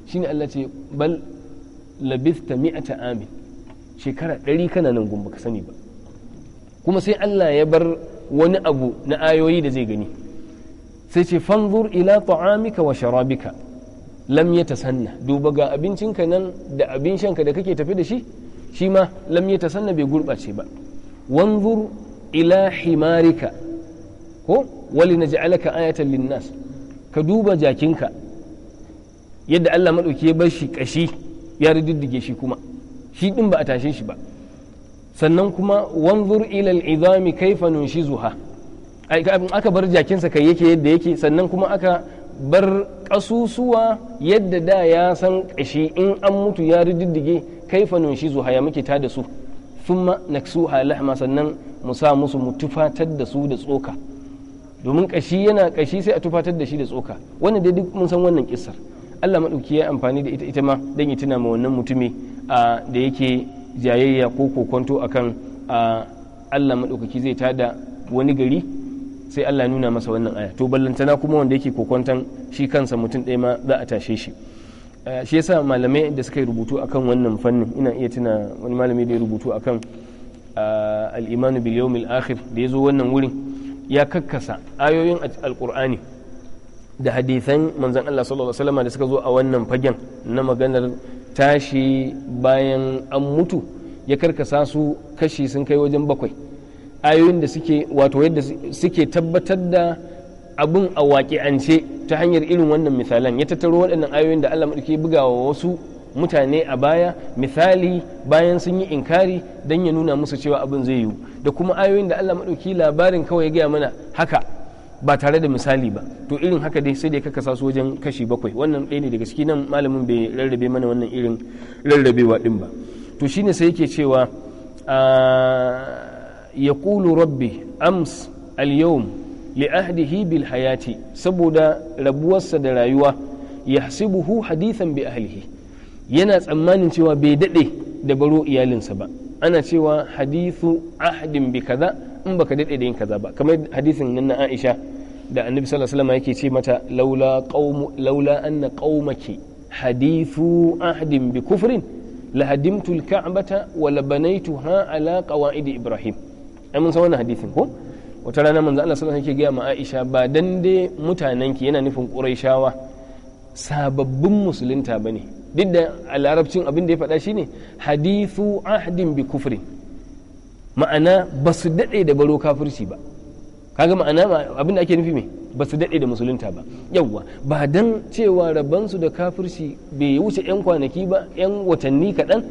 shine Allah ce bal labista mi'ata amin shekara ɗari kana nan gun baka sani ba kuma sai Allah ya bar wani abu na ayoyi da zai gani sai ce fanzur ila ta'amika wa sharabika lam ya tasanna duba ga abincinka nan da abin shanka da kake tafi da shi shi ma lam ya tasanna bai gurɓace ba wanzur ila himarika ko wali na ja'alaka ayatan linnas ka duba jakinka yadda Allah maɗauki ya bar shi kashi ya riddige shi kuma shi ɗin ba a tashe shi ba sannan kuma wanzur ilal izami kaifa nunshizuha aka bar jakinsa kai yake yadda yake sannan kuma aka bar kasusuwa yadda da ya san kashi in an mutu ya rididdige kaifa nunshizuha ya muke da su thumma naksuha lahma sannan mu sa musu mu tufatar da su da tsoka domin kashi yana kashi sai a tufatar da shi da tsoka wannan dai duk mun san wannan kissar Allah maɗauki ya amfani da ita ita ma don ya tuna ma wannan mutumi da yake jayayya ko kokonto akan kan Allah maɗaukaki zai tada wani gari sai Allah nuna masa wannan aya to ballantana kuma wanda yake kokontan shi kansa mutum ɗaya ma za a tashe shi shi yasa malamai da suka yi rubutu akan wannan fannin ina iya tuna wani malami da ya rubutu akan al-imanu bil yawmil akhir da ya zo wannan wurin ya kakkasa ayoyin Alkur'ani. da hadithan manzan Allah sallallahu alaihi wasallam da suka zo a wannan fagen na maganar tashi bayan an mutu ya karkasa su kashi sun kai wajen bakwai ayoyin da suke wato yadda suke tabbatar da abun a waƙi'ance ta hanyar irin wannan misalan ya tattaro waɗannan ayoyin da Allah maɗauki bugawa wasu mutane a baya misali bayan sun yi inkari don ya nuna musu cewa abin zai yiwu da kuma ayoyin da Allah maɗauki labarin kawai ya gaya mana haka ba tare da misali ba to irin haka dai sai dai ka kasa wajen kashi bakwai wannan ɗaya ne daga ciki nan malamin bai rarrabe mana wannan irin rarrabewa din ba to shine sai yake cewa ah, ya kulu rabbi ams al-yawm li ahdihi bil hayati saboda rabuwarsa da rayuwa yahsibuhu hadithan bi ahlihi yana tsammanin cewa bai daɗe da baro iyalinsa ba ana cewa hadithu ahdin bi kaza in baka daɗe da yin kaza ba kamar hadisin nan na Aisha da annabi sallallahu alaihi yake ce mata laula qaum laula anna qaumaki hadithu ahdin bi kufrin lahadimtu alka'bata wa labanaituha ala qawaid ibrahim ai mun san wannan hadisin ko wata rana manzo Allah sallallahu alaihi wasallam yake ga Aisha ba dan dai mutananki yana nufin Qurayshawa sababbin musulunta bane duk da a larabcin abin da ya faɗa shine hadithu ahdin bi kufrin ma'ana ba su daɗe da baro kafirci ba kaga ma'ana abin da ake nufi me ba su daɗe da musulunta ba yawwa ba dan cewa rabansu da kafirci bai wuce 'yan kwanaki ba 'yan watanni kaɗan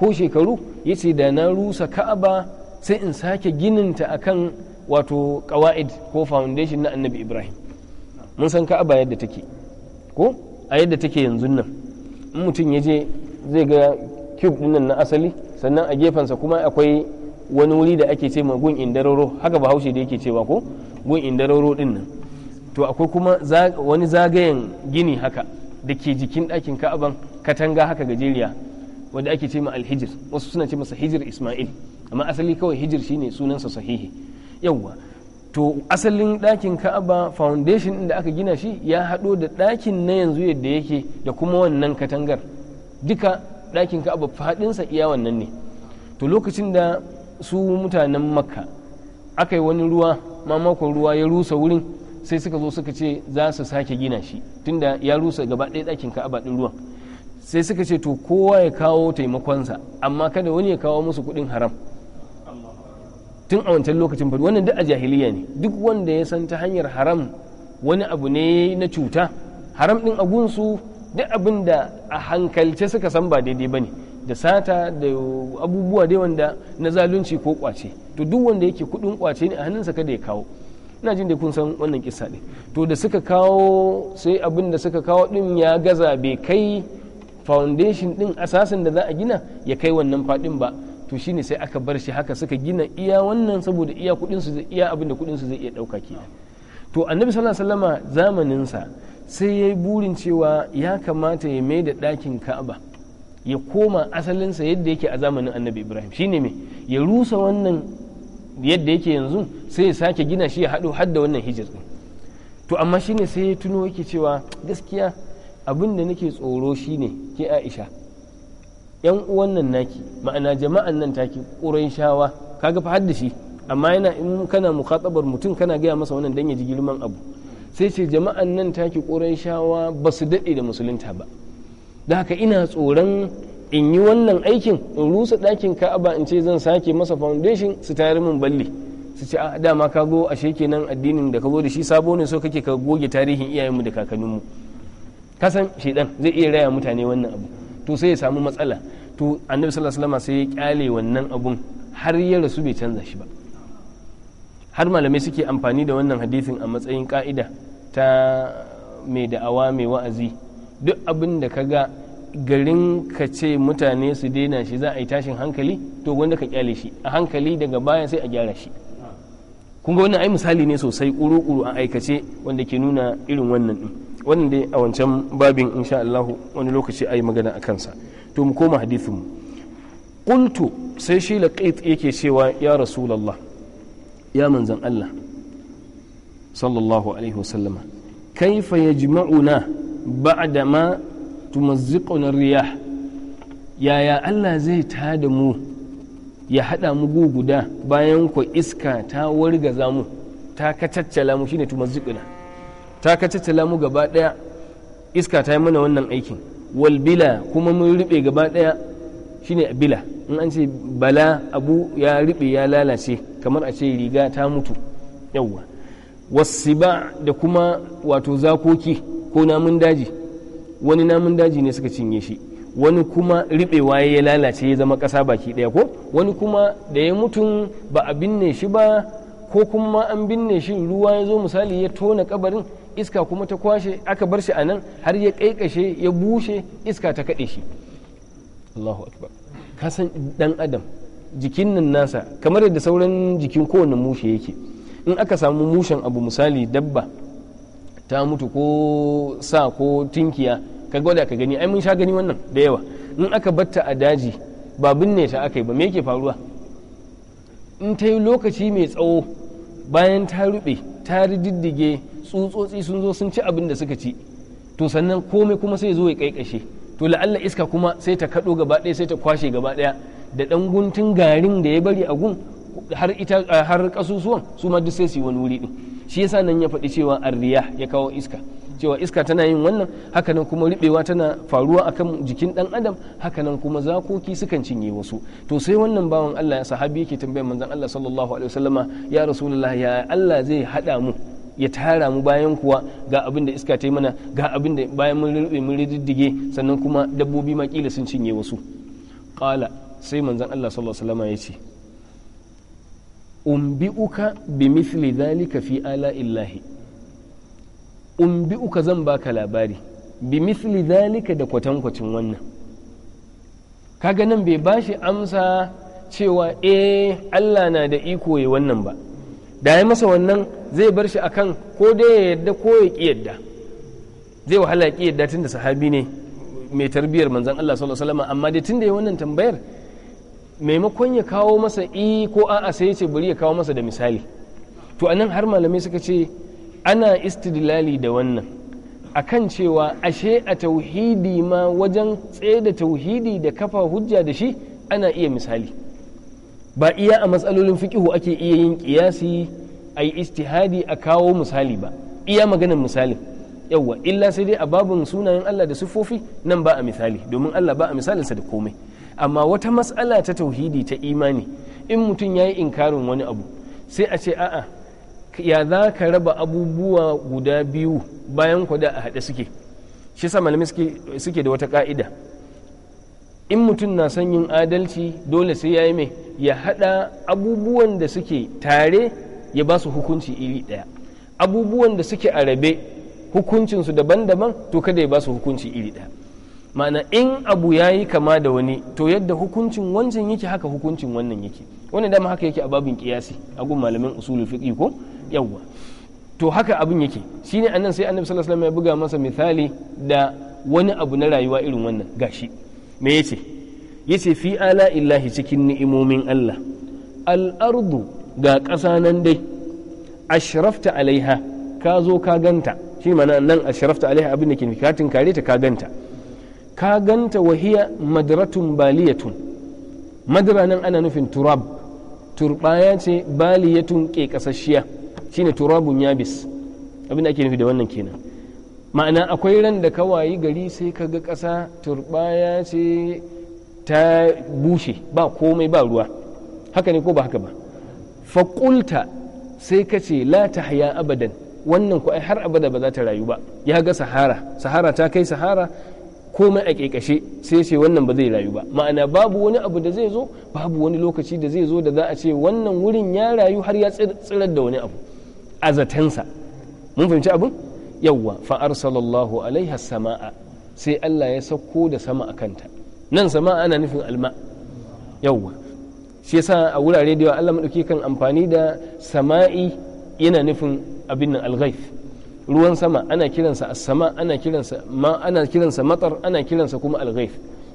ko shekaru ya ce da na rusa ka'aba sai in sake ginin gininta kan wato kawa'id ko foundation na annabi ibrahim mun san ka'aba yadda take ko a yadda take yanzu nan in mutum ya je zai ga cube ɗin na asali sannan a gefensa kuma akwai wani wuri da ake ce ma gun indararo haka bahaushe da yake cewa ko gun indararo din nan to akwai kuma wani zagayen gini haka da ke jikin ɗakin ka'aban katanga haka gajeriya wanda ake ce ma alhijir wasu suna ce masa hijir ismail amma asali kawai hijir shine sunansa sahihi yawwa to asalin ɗakin ka'aba foundation da aka gina shi ya haɗo da ɗakin na yanzu yadda yake da kuma wannan katangar duka ɗakin ka'aba faɗinsa iya wannan ne to lokacin da su mutanen makka aka yi wani ruwa mamakon ruwa ya rusa wurin sai suka zo suka ce za su sake gina shi tunda ya rusa gaba ɗaya ɗakin ka'aba ɗin ruwan sai suka ce to kowa ya kawo taimakonsa amma kada wani ya kawo musu kuɗin haram tun a wancan lokacin fari wannan duk a jahiliya ne duk wanda ya san ta hanyar haram wani abu ne na cuta haram ɗin a gunsu duk abin da a hankalce suka san ba daidai ba ne da sata da abubuwa dai wanda na zalunci ko kwace to duk wanda yake kudin kwace ne a hannunsa kada ya kawo ina jin da kun san wannan kisa ne to da suka kawo sai abin da suka kawo din ya gaza bai kai foundation din asasin da za a gina ya kai wannan fadin ba to shine sai aka bar shi haka suka gina iya wannan saboda iya kudin su iya abin da kudin su zai iya dauka kenan to annabi sallallahu alaihi wasallama zamanin sa sai yayi burin cewa ya kamata ya mai da dakin ka'aba ya koma asalinsa yadda yake a zamanin annabi ibrahim shine me ya rusa wannan yadda yake yanzu sai ya sake gina shi ya haɗo har da wannan hijir ɗin to amma shine sai ya tuno yake cewa gaskiya abin da nake tsoro shine ke aisha yan uwan nan naki ma'ana jama'an nan taki ƙurai shawa kaga fa hadda shi amma yana in kana mukatsabar mutum kana gaya masa wannan dan ya ji girman abu sai ce jama'an nan taki ƙurai shawa ba su daɗe da musulunta ba da haka ina tsoron in yi wannan aikin in rusa ɗakin ka'aba in ce zan sake masa foundation su tayar min balle su ce a dama ka go ashe kenan addinin da ka zo da shi sabo ne so kake ka goge tarihin iyayenmu da kakanninmu kasan shedan zai iya raya mutane wannan abu to sai ya samu matsala to annabi sallallahu alaihi wasallam sai ya kyale wannan abun har ya rasu bai canza shi ba har malamai suke amfani da wannan hadisin a matsayin ka'ida ta mai da'awa mai wa'azi duk abin da ka ga garin ka ce mutane su daina shi za a yi tashin hankali to wanda ka kyale shi a hankali daga baya sai a gyara shi kun ga wannan ai misali ne sosai kuru-kuru a aikace wanda ke nuna irin wannan din wannan dai a wancan babin insha Allah wani lokaci ai magana a kansa to mu koma hadithin qultu sai shi laqit yake cewa ya rasulullah ya manzan Allah sallallahu alaihi wasallama kaifa yajma'una ba'da ma na riyah yaya Allah zai tada mu ya haɗa mu guguda bayan ku iska ta wargaza mu ta kacaccala mu shine tumazziquna ta kacaccala mu gaba daya iska ta yi mana wannan aikin walbila kuma mun rube gaba daya shine bila in an ce bala abu ya rube ya lalace kamar a ce riga ta mutu yawwa wasiba da kuma wato zakoki ko namun daji wani namun daji ne suka cinye shi wani kuma riɓewa ya lalace ya zama ƙasa baki ɗaya ko wani kuma da ya mutum ba a binne shi ba ko kuma an binne shi ruwa ya zo misali ya tona kabarin iska kuma ta kwashe aka bar shi a nan har ya kaikashe ya bushe iska ta kaɗe shi allahu akbar ka san ɗan adam jikin nan nasa kamar yadda sauran jikin kowane mushe yake in aka samu mushen abu misali dabba ta mutu ko sa ko tinkiya ka gwada ka gani ai mun sha gani wannan da yawa in aka batta a daji ba binne ta aka yi ba me yake faruwa in ta yi lokaci mai tsawo bayan ta ruɓe ta diddige tsutsotsi sun zo sun ci abin da suka ci to sannan komai kuma sai zo ya kaikashe to la'alla iska kuma sai ta kaɗo gaba ɗaya sai ta kwashe gaba ɗaya da ɗan guntun garin da ya bari a gun har ita eh, har kasusuwan su ma duk sai su yi wani wuri din shi yasa nan ya faɗi cewa arriya ya kawo iska cewa iska tana yin wannan hakanan kuma ribewa tana faruwa akan jikin dan adam hakanan kuma zakoki sukan cinye wasu to sai wannan bawan Allah ya sahabi yake tambayar manzon Allah sallallahu alaihi wasallama ya rasulullahi ya Allah zai hada mu ya tara mu bayan kuwa ga abin iska ta yi mana ga abinda bayan mun rube mun riddige sannan kuma dabbobi ma kila sun cinye wasu qala sai manzon Allah sallallahu alaihi wasallama ya ce umbi'uka bi misli zalika fi ala illahi umbi'uka zan baka labari bi misli zalika da kwatankwacin wannan kaga nan bai bashi amsa cewa eh Allah na da iko ya wannan ba da ya masa wannan zai bar shi akan ko dai ya yadda ko ya ki yadda zai wahala ya ki yadda tunda sahabi ne mai tarbiyar manzon Allah sallallahu alaihi wasallam amma dai tunda ya wannan tambayar maimakon ya kawo masa i ko a'a sai ya ce bari ya kawo masa da misali to anan har malamai suka ce ana istidlali da wannan akan cewa ashe a tauhidi ma wajen da tauhidi da kafa hujja da shi ana iya misali ba iya a matsalolin fikihu ake iya yin kiyasi a yi istihadi a kawo misali ba iya maganin misali yawwa illa sai dai a babin sunayen Allah da sifofi nan ba a misali domin Allah ba a misalinsa da komai amma wata matsala ta tauhidi ta imani in mutum ya yi inkarin wani abu sai a ce a'a ya za ka raba abubuwa guda biyu bayan kwada a haɗe suke shi sa malamai suke da wata ƙa'ida in mutum na son yin adalci dole sai ya yi mai ya haɗa abubuwan da suke tare ya ba su hukunci iri ɗaya abubuwan da suke a rabe hukuncinsu daban-daban to kada ya ba su hukunci iri ɗaya ma'ana in abu ya yi kama da wani to yadda hukuncin wancan yake haka hukuncin wannan yake wani dama haka yake a babin kiyasi a gun malamin usulul fiqh ko yawwa to haka abin yake shine annan sai annabi sallallahu alaihi wasallam ya buga masa misali da wani abu na rayuwa irin wannan gashi me yace yace fi ala illahi cikin ni'imomin Allah al-ardu ga ƙasa nan dai ashrafta alaiha ka zo ka ganta shi ma'ana nan ashrafta alaiha abin da ke fikatin kare ta ka ganta ka ganta wahiya madratun baliyatun madara nan ana nufin turab turbaya ce baliyatun ke kasashiya shine turabun yabis abin ake nufi da wannan kenan ma'ana akwai ran da ka wayi gari sai ka ga ƙasa turbaya ce ta bushe ba komai ba ruwa haka ne ko ba haka ba faƙulta sai ka ce la haya abadan wannan ku har abada ba za ta rayu ba ya ga sahara sahara ta kai sahara komai a ƙeƙashe sai ce wannan ba zai rayu ba ma'ana babu wani abu da zai zo babu wani lokaci da zai zo da za a ce wannan wurin ya rayu har ya tsirar da wani abu a zatensa mun fahimci abin yawwa fa arsalallahu alaiha sama'a sai Allah ya sauko da sama a kanta nan sama'a ana nufin alma yawwa shi yasa a wurare da yawa Allah madauki kan amfani da sama'i yana nufin abin nan alghaith ruwan sama ana kiransa as-sama ana kiransa ma ana kiransa matar ana kiransa kuma al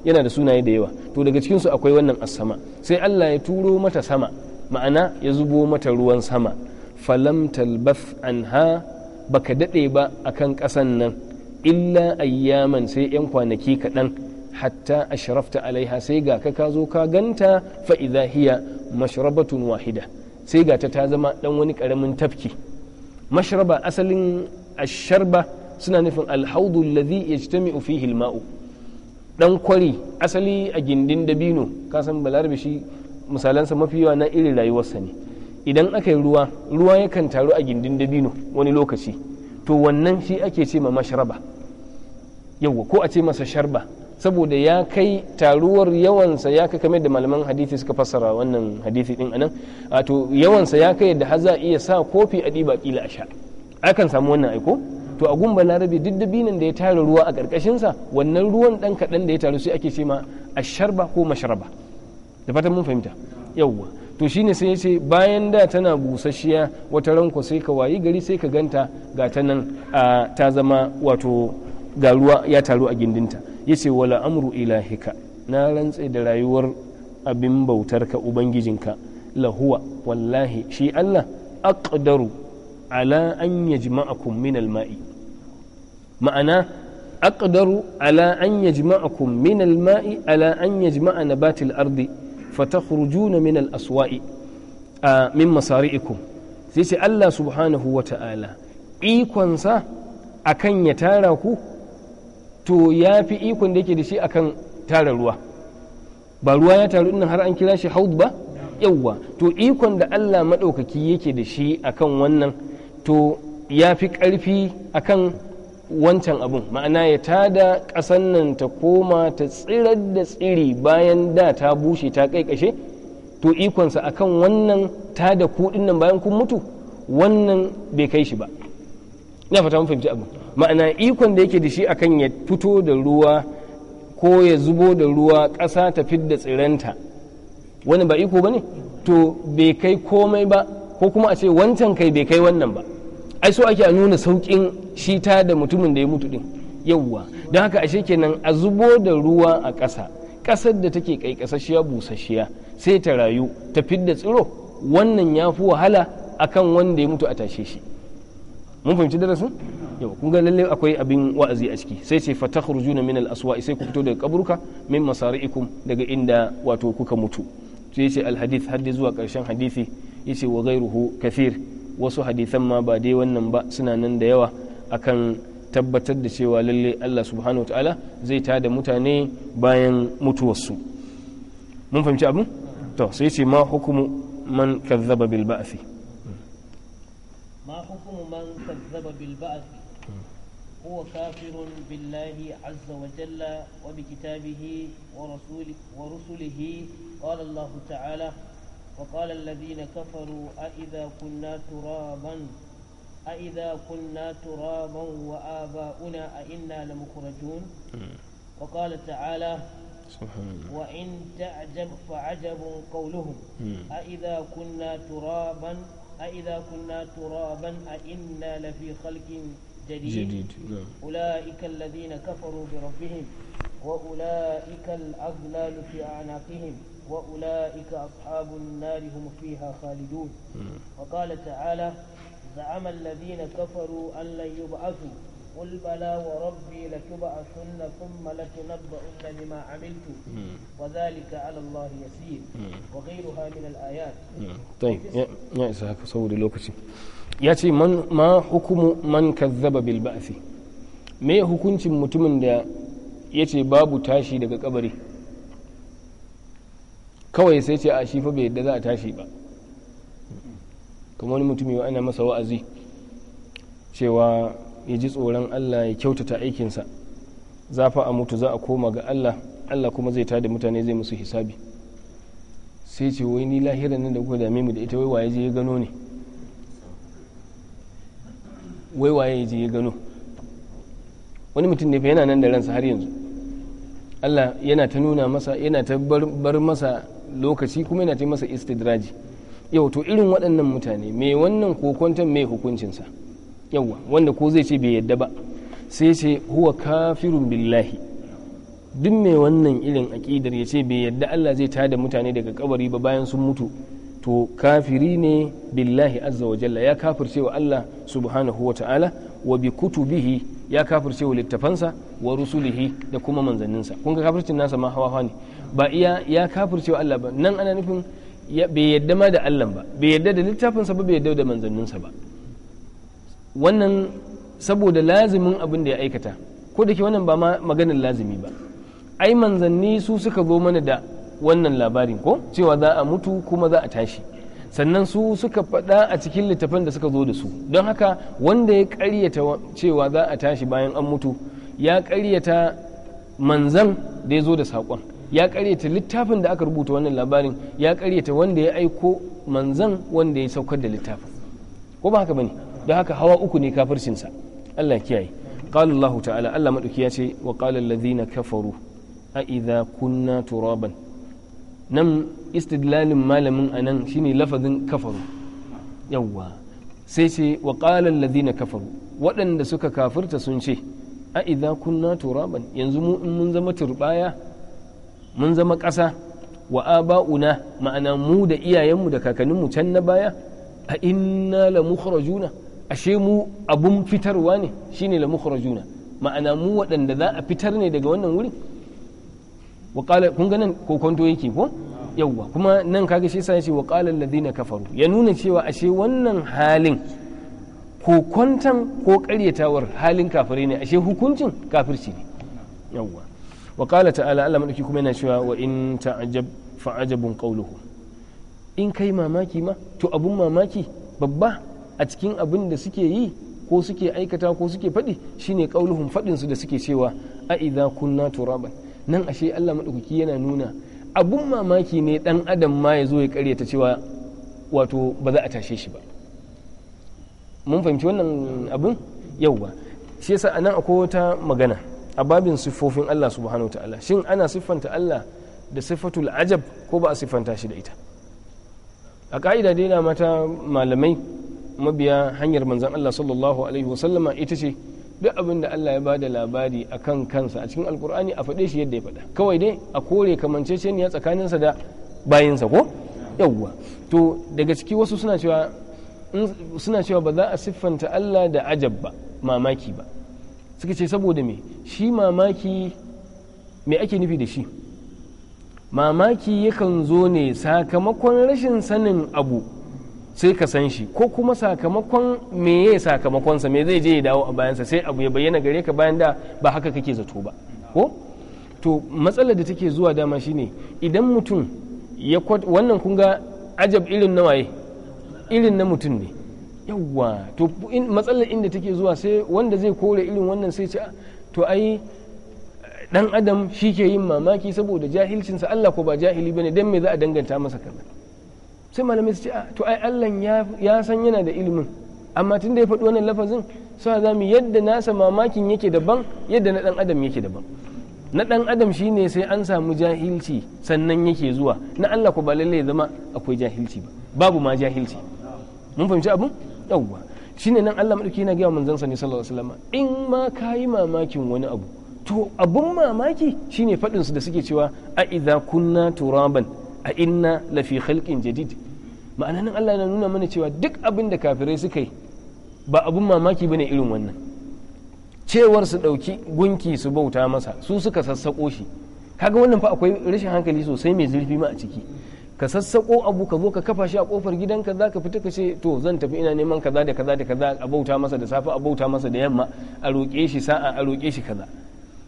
yana da sunaye da yawa to daga cikin su akwai wannan asama sama sai Allah ya turo mata sama ma'ana ya zubo mata ruwan sama falam talbath anha baka dade ba akan ƙasan nan illa ayyaman sai yan kwanaki kaɗan hatta ashrafta alaiha sai ga ka ka zo ka ganta fa idha hiya mashrabatun wahida sai ga ta ta zama dan wani karamin tafki mashraba asalin asharba suna nufin alhaudu ta yajtami'u fihi hilma'u dan kwari asali a gindin dabino kasan balarabe shi misalansa mafi yawa na irin rayuwarsa ne idan aka yi ruwa ruwa yakan taru a gindin dabino wani lokaci to wannan shi ake ce ma mashraba yawwa ko a ce masa sharba saboda ya kai taruwar yawansa ya kai kamar da malaman hadisi suka fassara wannan hadisi din anan to yawansa ya kai da har za iya sa kofi a ɗiba kila a sha akan samu wannan aiko to a gun larabi duk dabinin da ya tara ruwa a ƙarƙashinsa wannan ruwan dan kaɗan da ya taru sai ake ce ma sharba ko masharaba da fatan mun fahimta yauwa to shine sai ya bayan da tana busasshiya wata ranko sai ka wayi gari sai ka ganta ga ta nan ta zama wato ga ruwa ya taru a gindinta ya ce wala amru ilahika na rantse da rayuwar abin bautarka ubangijinka lahuwa wallahi shi allah aqdaru ala an yajma'akum min al-ma'i ma'ana aqdaru ala an yajma'akum min al-ma'i ala an yajma'a nabat ardi fatakhrujuna min al-aswa'i min masari'ikum sai ce Allah subhanahu wa ta'ala ikonsa akan ya tara ku to ya fi ikon da yake da shi akan tara ruwa ba ruwa ya taru na har an kira shi haud ba yawwa to ikon da Allah maɗaukaki yake da shi akan wannan to ya fi ƙarfi kan wancan abun ma'ana ya tada ƙasan nan ta koma ta tsirar da tsiri bayan da ta bushe ta kai kashe to ikonsa a kan wannan tada kuɗin nan bayan kun mutu wannan bai kai shi ba ya fata fahimci abu ma'ana ikon da yake da shi akan ya fito da ruwa ko ya zubo da ruwa ƙasa ta fidda tsiranta wani ba iko ba ne to bai kai komai ba ko kuma a ce wancan kai bai kai wannan ba ai so ake nuna saukin shi ta da mutumin da ya mutu din yawwa don haka ashe kenan a zubo da ruwa a ƙasa ƙasar da take ƙaiƙasashiya busasshiya sai ta rayu ta fidda tsiro wannan ya fi wahala akan wanda ya mutu a tashe shi mun fahimci darasin yau kun ga lalle akwai abin wa'azi a ciki sai ce fatakhrujuna min al-aswa sai ku fito daga kaburka min masari'ikum daga inda wato kuka mutu sai ce al-hadith zuwa karshen hadisi yace wa ghairuhu kafir wasu hadisan ma ba dai wannan ba suna nan da yawa akan tabbatar da cewa lalle Allah subhanahu wataala zai tada mutane bayan mutuwarsu mun fahimci abu to sai ce ma hukumu man kazzaba bil ba'thi ma hukumu man kazzaba bil ba'thi هو كافر بالله عز وجل وبكتابه ورسوله ورسله قال الله تعالى وقال الذين كفروا أئذا كنا ترابا أئذا كنا ترابا وآباؤنا أئنا لمخرجون وقال تعالى وإن تعجب فعجب قولهم أئذا كنا ترابا أئذا كنا ترابا أئنا لفي خلق جديد, جديد. أولئك الذين كفروا بربهم وأولئك الأغلال في أعناقهم وأولئك أصحاب النار هم فيها خالدون وقال تعالى زعم الذين كفروا أن لن يبعثوا قل بلى وربي لتبعثن ثم لتنبؤن بما عملتم وذلك على الله يسير وغيرها من الآيات طيب يا إسحاق صوري لوكشي ياتي من ما حكم من كذب بالبعث ما هو كنت متمن ya ce babu tashi daga kabari kawai sai ce a shifa bai yadda za a tashi ba kuma wani mutumi ana masa wa'azi cewa ya ji tsoron allah ya kyautata aikinsa za fa a mutu za a koma ga allah allah kuma zai tada mutane zai musu hisabi sai ce wai ni lahira nan da kuka dame mu da ita wai waye je ya gano ne waiwaye ya je ya gano wani mutum ne fa yana nan da ransa har yanzu allah yana ta nuna masa yana ta bar masa lokaci kuma yana ce masa istidraji yau to irin waɗannan mutane me wannan kokonton me hukuncinsa yawa wanda ko zai ce bai yadda ba sai ce huwa kafirun billahi duk mai wannan irin aƙidar ya ce bai yadda Allah zai tada mutane daga kabari ba bayan sun mutu to kafiri ne billahi azza wa jalla ya kafirce wa Allah subhanahu wa ta'ala wa bi kutubihi ya kafirce wa littafansa wa rusulihi da kuma manzanninsa kun ka kafircin nasa ma hawa ne ba iya ya cewa Allah ba nan ana nufin bai yadda ma da Allah ba bai yadda da littafinsa ba bai yadda da manzanninsa ba wannan saboda lazimin abin da ya aikata ko da ke wannan ba ma maganar lazimi ba ai manzanni su suka zo mana da wannan labarin ko cewa za a mutu kuma za a tashi sannan su suka faɗa a cikin littafan da suka zo da su don haka wanda ya ƙaryata cewa za a tashi bayan an mutu ya karyata manzan da ya zo da saƙon ya karyata littafin da aka rubuta wannan labarin ya karyata wanda ya aiko manzan wanda ya saukar da littafin ko ba haka bane don haka hawa uku ne kafircinsa Allah kiyaye qala Allah ta'ala Allah madauki ya ce wa qala kafaru a idza kunna turaban nan istidlalin malamin anan shine lafazin kafaru yawa sai ce wa qala kafaru waɗanda suka kafirta sun ce a idza kunna turaban yanzu mu in mun zama turbaya mun zama ƙasa wa aba'una ma'ana mu da iyayenmu da kakanninmu can na baya a inna la mukhrajuna ashe mu abun fitarwa ne shine la mukhrajuna ma'ana mu waɗanda za a fitar ne daga wannan wurin wa qala kun ga nan kokonto yake ko yawwa kuma nan kaga shi yasa yace wa qala alladhina kafaru ya nuna cewa ashe wannan halin kokontan ko ƙaryatawar halin kafirai ne ashe hukuncin kafirci ne yawwa waƙala ta'ala Allah madauki kuma yana cewa wa in ta'ajab fa'ajabun qawluhu in kai mamaki ma to abun mamaki babba a cikin abin da suke yi ko suke aikata ko suke faɗi shine qauluhum faɗin su da suke cewa a idza kunna turaban nan ashe Allah madaukaki yana nuna abun mamaki ne dan adam ma ya zo ya karyata cewa wato ba za a tashe shi ba mun fahimci wannan abun yauwa shi yasa anan akwai wata magana a babin siffofin Allah subhanahu wa ta'ala shin ana siffanta Allah da siffatul ajab ko ba a siffanta shi da ita a ka'ida dai na mata malamai mabiya hanyar manzan Allah sallallahu alaihi sallama ita ce duk abin da Allah ya bada labari a kansa a cikin alkur'ani a faɗe shi yadda ya faɗa kawai dai a kore kamanceceniya tsakaninsa da bayinsa ko yawwa to daga ciki wasu suna cewa ba za a siffanta Allah da ajab ba mamaki ba suka ce saboda me shi mamaki me ake nufi da shi mamaki yakan zo ne sakamakon rashin sanin abu sai ka san shi ko kuma sakamakon me meye sakamakonsa me zai je ya dawo a bayansa sai abu ya bayyana gare ka bayan da ba haka kake zato ba ko to matsalar da take zuwa dama shine idan mutum ya wannan kunga ajab irin na waye irin na mutum ne yawwa to matsalar inda take zuwa sai wanda zai kore irin wannan sai ce to ai dan adam shi ke yin mamaki saboda jahilcinsa Allah ko ba jahili bane dan me za a danganta masa kaza sai malamai su ce ah, to ai Allah ya san yana da ilimin amma tun da ya faɗi wannan lafazin sai za mu yadda nasa mamakin yake daban yadda na dan adam yake daban na dan adam shi ne sai an samu jahilci sannan yake zuwa na Allah ko ba lalle zama akwai jahilci ba babu ma jahilci mun fahimci abun shi shine nan Allah madauki yana gaya manzon sani ne sallallahu alaihi wasallam in ma kai mamakin wani abu to abun mamaki shine fadin su da suke cewa a idza kunna turaban a inna lafi khalqin jadid ma'ana nan Allah yana nuna mana cewa duk abin da kafirai suka yi ba abun mamaki ba ne irin wannan cewar su dauki gunki su bauta masa su suka sassako shi kaga wannan fa akwai rashin hankali sosai mai zurfi ma a ciki ka sassaƙo abu ka zo ka kafa shi a kofar gidanka za ka fita ka ce to zan tafi ina neman kaza da kaza da kaza a bauta masa da safe a bauta masa da yamma a roƙe shi sa'a a roƙe shi kaza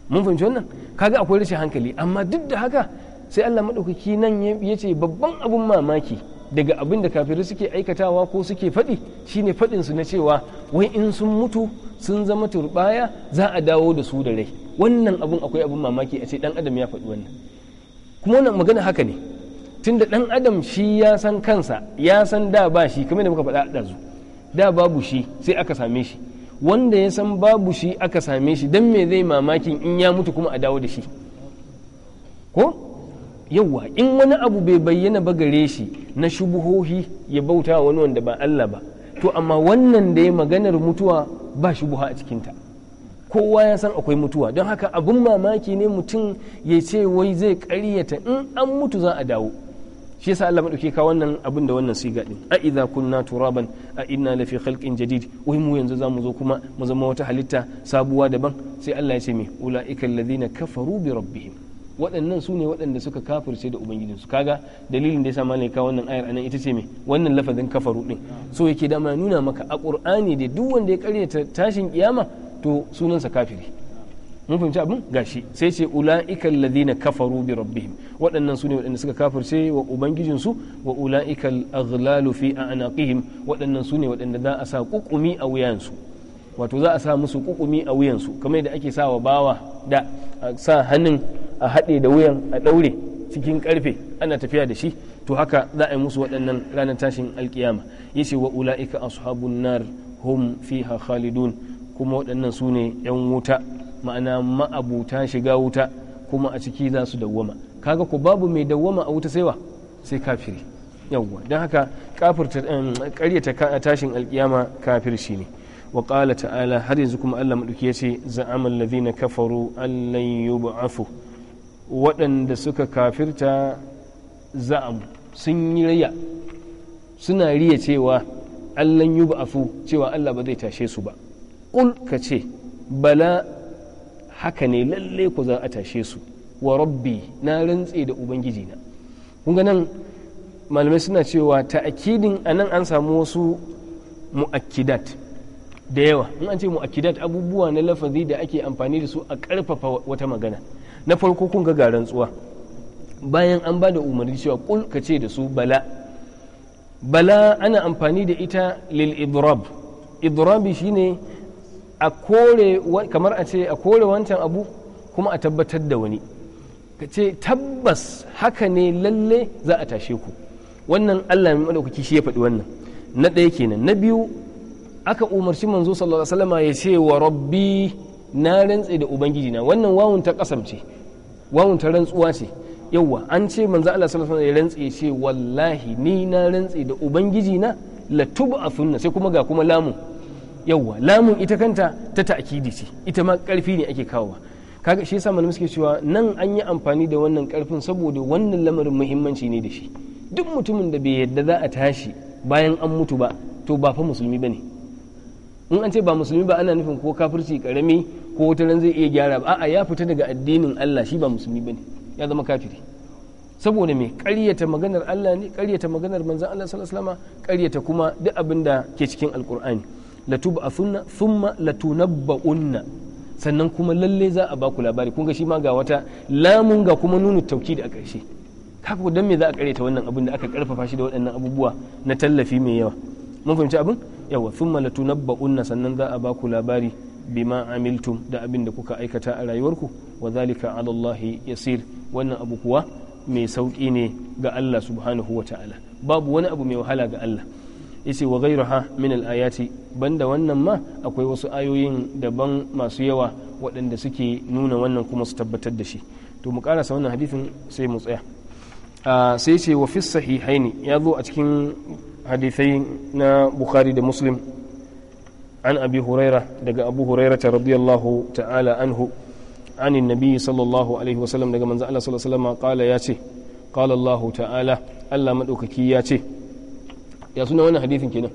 mun fahimci wannan ka ga akwai rashin hankali amma duk da haka sai Allah maɗaukaki nan ya ce babban abun mamaki daga abin da kafirai suke aikatawa ko suke faɗi shine faɗin su na cewa wai in sun mutu sun zama turbaya za a dawo da su da rai wannan abun akwai abun mamaki a ce dan adam ya faɗi wannan kuma wannan magana haka ne da ɗan adam shi ya san kansa ya san da ba shi kamar da muka faɗa ɗazu da babu shi sai aka same shi wanda ya san babu shi aka same shi don me zai mamakin in ya mutu kuma a dawo da shi ko yawwa in wani abu bai bayyana ba gare shi na shubuhohi ya bauta wani wanda ba Allah ba to amma wannan da ya maganar mutuwa ba shubuha a cikinta kowa ya san akwai mutuwa don haka abun mamaki ne mutum ya ce wai zai karyata in an mutu za a dawo shi yasa Allah madauke ka wannan abin da wannan siga din a idza kunna turaban a inna la fi khalqin jadid wai mu yanzu zamu zo kuma mu zama wata halitta sabuwa daban sai Allah ya ce mi ulaika alladhina kafaru bi rabbihim waɗannan su ne waɗanda suka kafirce da ubangijinsu kaga dalilin da ya sa ka wannan ayar anan ita ce me wannan lafazin kafaru din so yake dama nuna maka a qur'ani da duk wanda ya karyata tashin kiyama to sunansa kafiri mun fahimci abin gashi sai ce ula'ika alladhina kafaru bi rabbihim waɗannan su ne waɗanda suka kafirce wa ubangijin su wa ula'ika al-aghlalu fi a'naqihim waɗannan su ne waɗanda za a sa kukumi a su wato za a sa musu kukumi a wuyansu kamar yadda ake sa wa bawa da a sa hannun a haɗe da wuyan a ɗaure cikin karfe ana tafiya da shi to haka za a yi musu waɗannan ranar tashin alkiyama yace wa ula'ika ashabun nar hum fiha khalidun kuma waɗannan su ne 'yan wuta ma'ana ma'abuta shiga wuta kuma a ciki za su dawwama kaga ku babu mai dawwama a wuta sai wa sai kafiri yawwa don haka karyata tashin alkiyama kafir shi ne wa ƙala ta'ala har yanzu kuma allah maɗuki ya ce za'amal ladhina kafaru allan yub'afu waɗanda suka kafirta za'am sun yi riya suna riya cewa allan yub'afu cewa allah ba zai tashe su ba ƙul ka ce bala haka ne lalle ku za a tashe su wa rabbi na rantse da ubangiji kun ga nan malamai suna cewa ta'akidin anan an samu wasu mu'akkidat da yawa in an ce mu'akkidat abubuwa na lafazi da ake amfani da su a karfafa wata magana na farko kun ga rantsuwa bayan an ba da umarni cewa kul ka ce da su bala bala ana amfani da ita lil idrab idrabi shine a kore kamar a ce a kore wancan abu kuma a tabbatar da wani ka ce tabbas haka ne lalle za a tashe ku wannan allah mai maɗaukaki shi ya faɗi wannan na ɗaya kenan na biyu aka umarci manzo sallallahu alaihi wasallam ya ce wa rabbi na rantse da ubangiji na wannan wawun ta kasam ce wawun ta rantsuwa ce yawwa an ce manzo Allah sallallahu alaihi wasallam ya rantse ce wallahi ni na rantse da ubangiji na la tub'athunna sai kuma ga kuma lamun yawwa lamun ita kanta ta ta'kidi ce ita ma karfi ne ake kawowa kaga shi yasa malamu suke cewa nan an yi amfani da wannan karfin saboda wannan lamarin muhimmanci ne da shi duk mutumin da bai yadda za a tashi bayan an mutu ba to ba fa musulmi bane in an ce ba musulmi ba ana nufin ko kafirci karami ko wata ran zai iya gyara ba a'a ya fita daga addinin Allah shi ba musulmi bane ya zama kafiri saboda me karyata maganar Allah ne karyata maganar manzon Allah sallallahu alaihi wasallam ƙaryata kuma duk abin da ke cikin alkur'ani latub'athunna thumma latunabba'unna sannan kuma lalle za a baku labari kun ga shi ma ga wata lamun ga kuma nuna tauki da a ƙarshe kaka don me za a ta wannan abin da aka karfafa shi da waɗannan abubuwa na tallafi mai yawa mun fahimci abin yawa summa latunabba'unna sannan za a baku labari bima amiltum da abin da kuka aikata a rayuwarku wa zalika ala Allah yasir wannan abu kuwa mai sauki ne ga Allah subhanahu wa ta'ala babu wani abu mai wahala ga Allah yace wa ghayruha min al-ayati banda wannan ma akwai wasu ayoyin daban masu yawa waɗanda suke nuna wannan kuma su tabbatar da shi to mu karasa wannan hadisin sai mu tsaya sai ce wa fi sahihaini ya zo a cikin hadisai na bukhari da muslim an abi huraira daga abu hurairata ta radiyallahu ta'ala anhu عن النبي صلى الله عليه وسلم daga manzo Allah sallallahu alaihi wasallam qala yace qala Allah ta'ala Allah madaukaki yace ya suna wannan hadithin kenan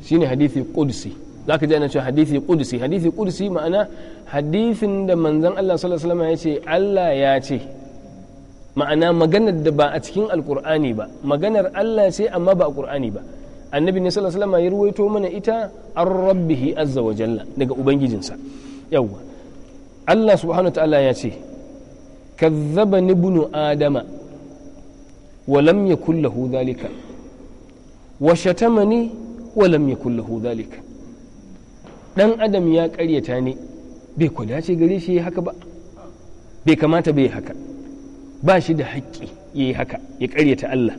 shine hadithi qudsi zaka ji ana cewa hadithi qudsi hadithi qudsi ma'ana hadithin da manzon Allah sallallahu alaihi wasallam ya ce Allah ya ce ma'ana maganar da ba a cikin alkur'ani ba maganar Allah ce amma ba alkur'ani ba annabi ne sallallahu alaihi wasallam ya ruwaito mana ita an rabbihi azza wa jalla daga ubangijinsa yawwa Allah subhanahu wa ta'ala ya ce kazzaba ibnu adama wa lam yakul lahu dhalika wa shatamani wa lam yakul dan adam ya karyata ni bai ku dace gare shi haka ba bai kamata bai haka ba shi da haƙƙi yi haka ya karyata Allah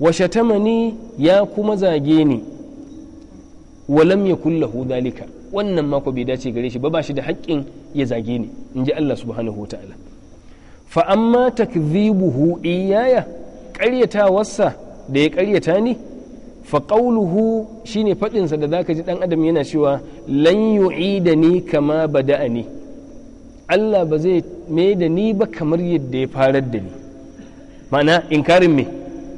wa shatamani ya kuma zage ni wa ya yakul lahu wannan mako bai dace gare shi ba ba shi da haƙƙin ya zage ni in ji Allah subhanahu wa ta'ala fa amma takzibuhu iyaya ƙaryatawarsa da ya karyata ni faƙauluhu shi shine faɗinsa da zaka ji dan adam yana cewa lan ni kama ni Allah ba zai mai da ni ba kamar yadda ya farar da ni mana inkarin me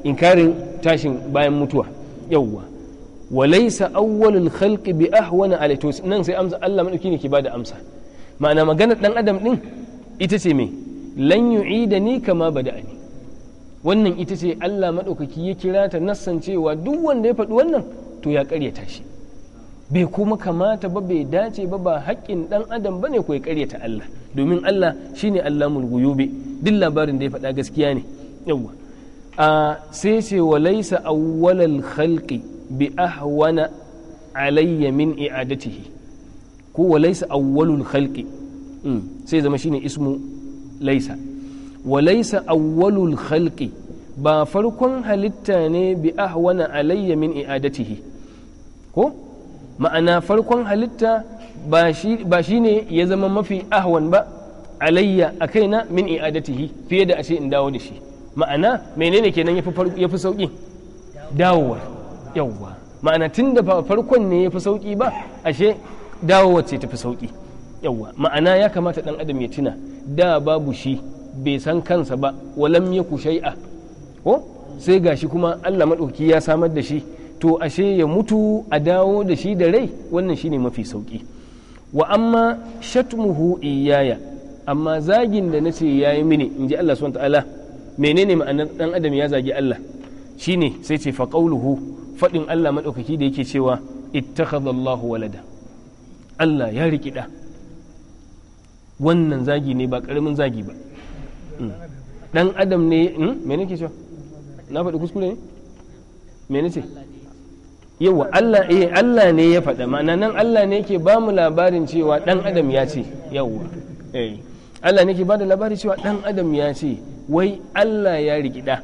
inkarin tashin bayan mutuwa yawwa walaisa awwalul khalqi bi ahwana alayhi nan sai amsa Allah madauki ne ke bada amsa ma'ana maganar dan adam ɗin ita ce me lan yu'idani kama bada'ani wannan ita ce Allah maɗaukaki ya kira ta nassan cewa duk wanda ya faɗi wannan to ya ƙaryata shi bai kuma kamata ba bai dace ba ba haƙƙin ɗan adam ba ne ko ya ƙaryata Allah domin Allah shi ne Allah mulguyobe duk labarin da ya faɗa gaskiya ne yawwa a sai ce wa laisa awwalal khalqi bi ahwana alayya min i'adatihi ko wa laisa awwalul khalqi hmm. sai zama shine ismu laisa walaisa awwalul khalqi ba farkon halitta ne bi ahwana alayya min i'adatihi ko ma'ana farkon halitta ba shi ne ya zama mafi ahwan ba alayya a kaina min i'adatihi fiye da ashe in dawo da shi ma'ana menene kenan ya fi sauki dawowa yawwa ma'ana tun da farkon ne ya fi sauki ba ashe dawowa ce ta fi sauki yawwa ma'ana ya kamata dan adam ya tuna da babu shi bai san kansa ba walam ya ku shai'a ko sai gashi kuma Allah madauki ya samar da shi to ashe ya mutu a dawo da shi da rai wannan shine mafi sauki wa amma shatmuhu iyaya amma zagin da nace yi mini inji Allah subhanahu ta'ala menene ma'anar dan adam ya zagi Allah shine sai ce fa faɗin Allah maɗaukaki da yake cewa ittakhadha Allahu walada Allah ya rikida wannan zagi ne ba karamin zagi ba dan adam ne hmm? me ke cewa na faɗi kuskure ne me ce yawa Allah eh Allah ne ya faɗa ma'ana nan Allah ne ke ba mu labarin cewa dan adam ya ce yawa eh Allah ne ke ba da labari cewa dan adam ya ce wai Allah ya rikida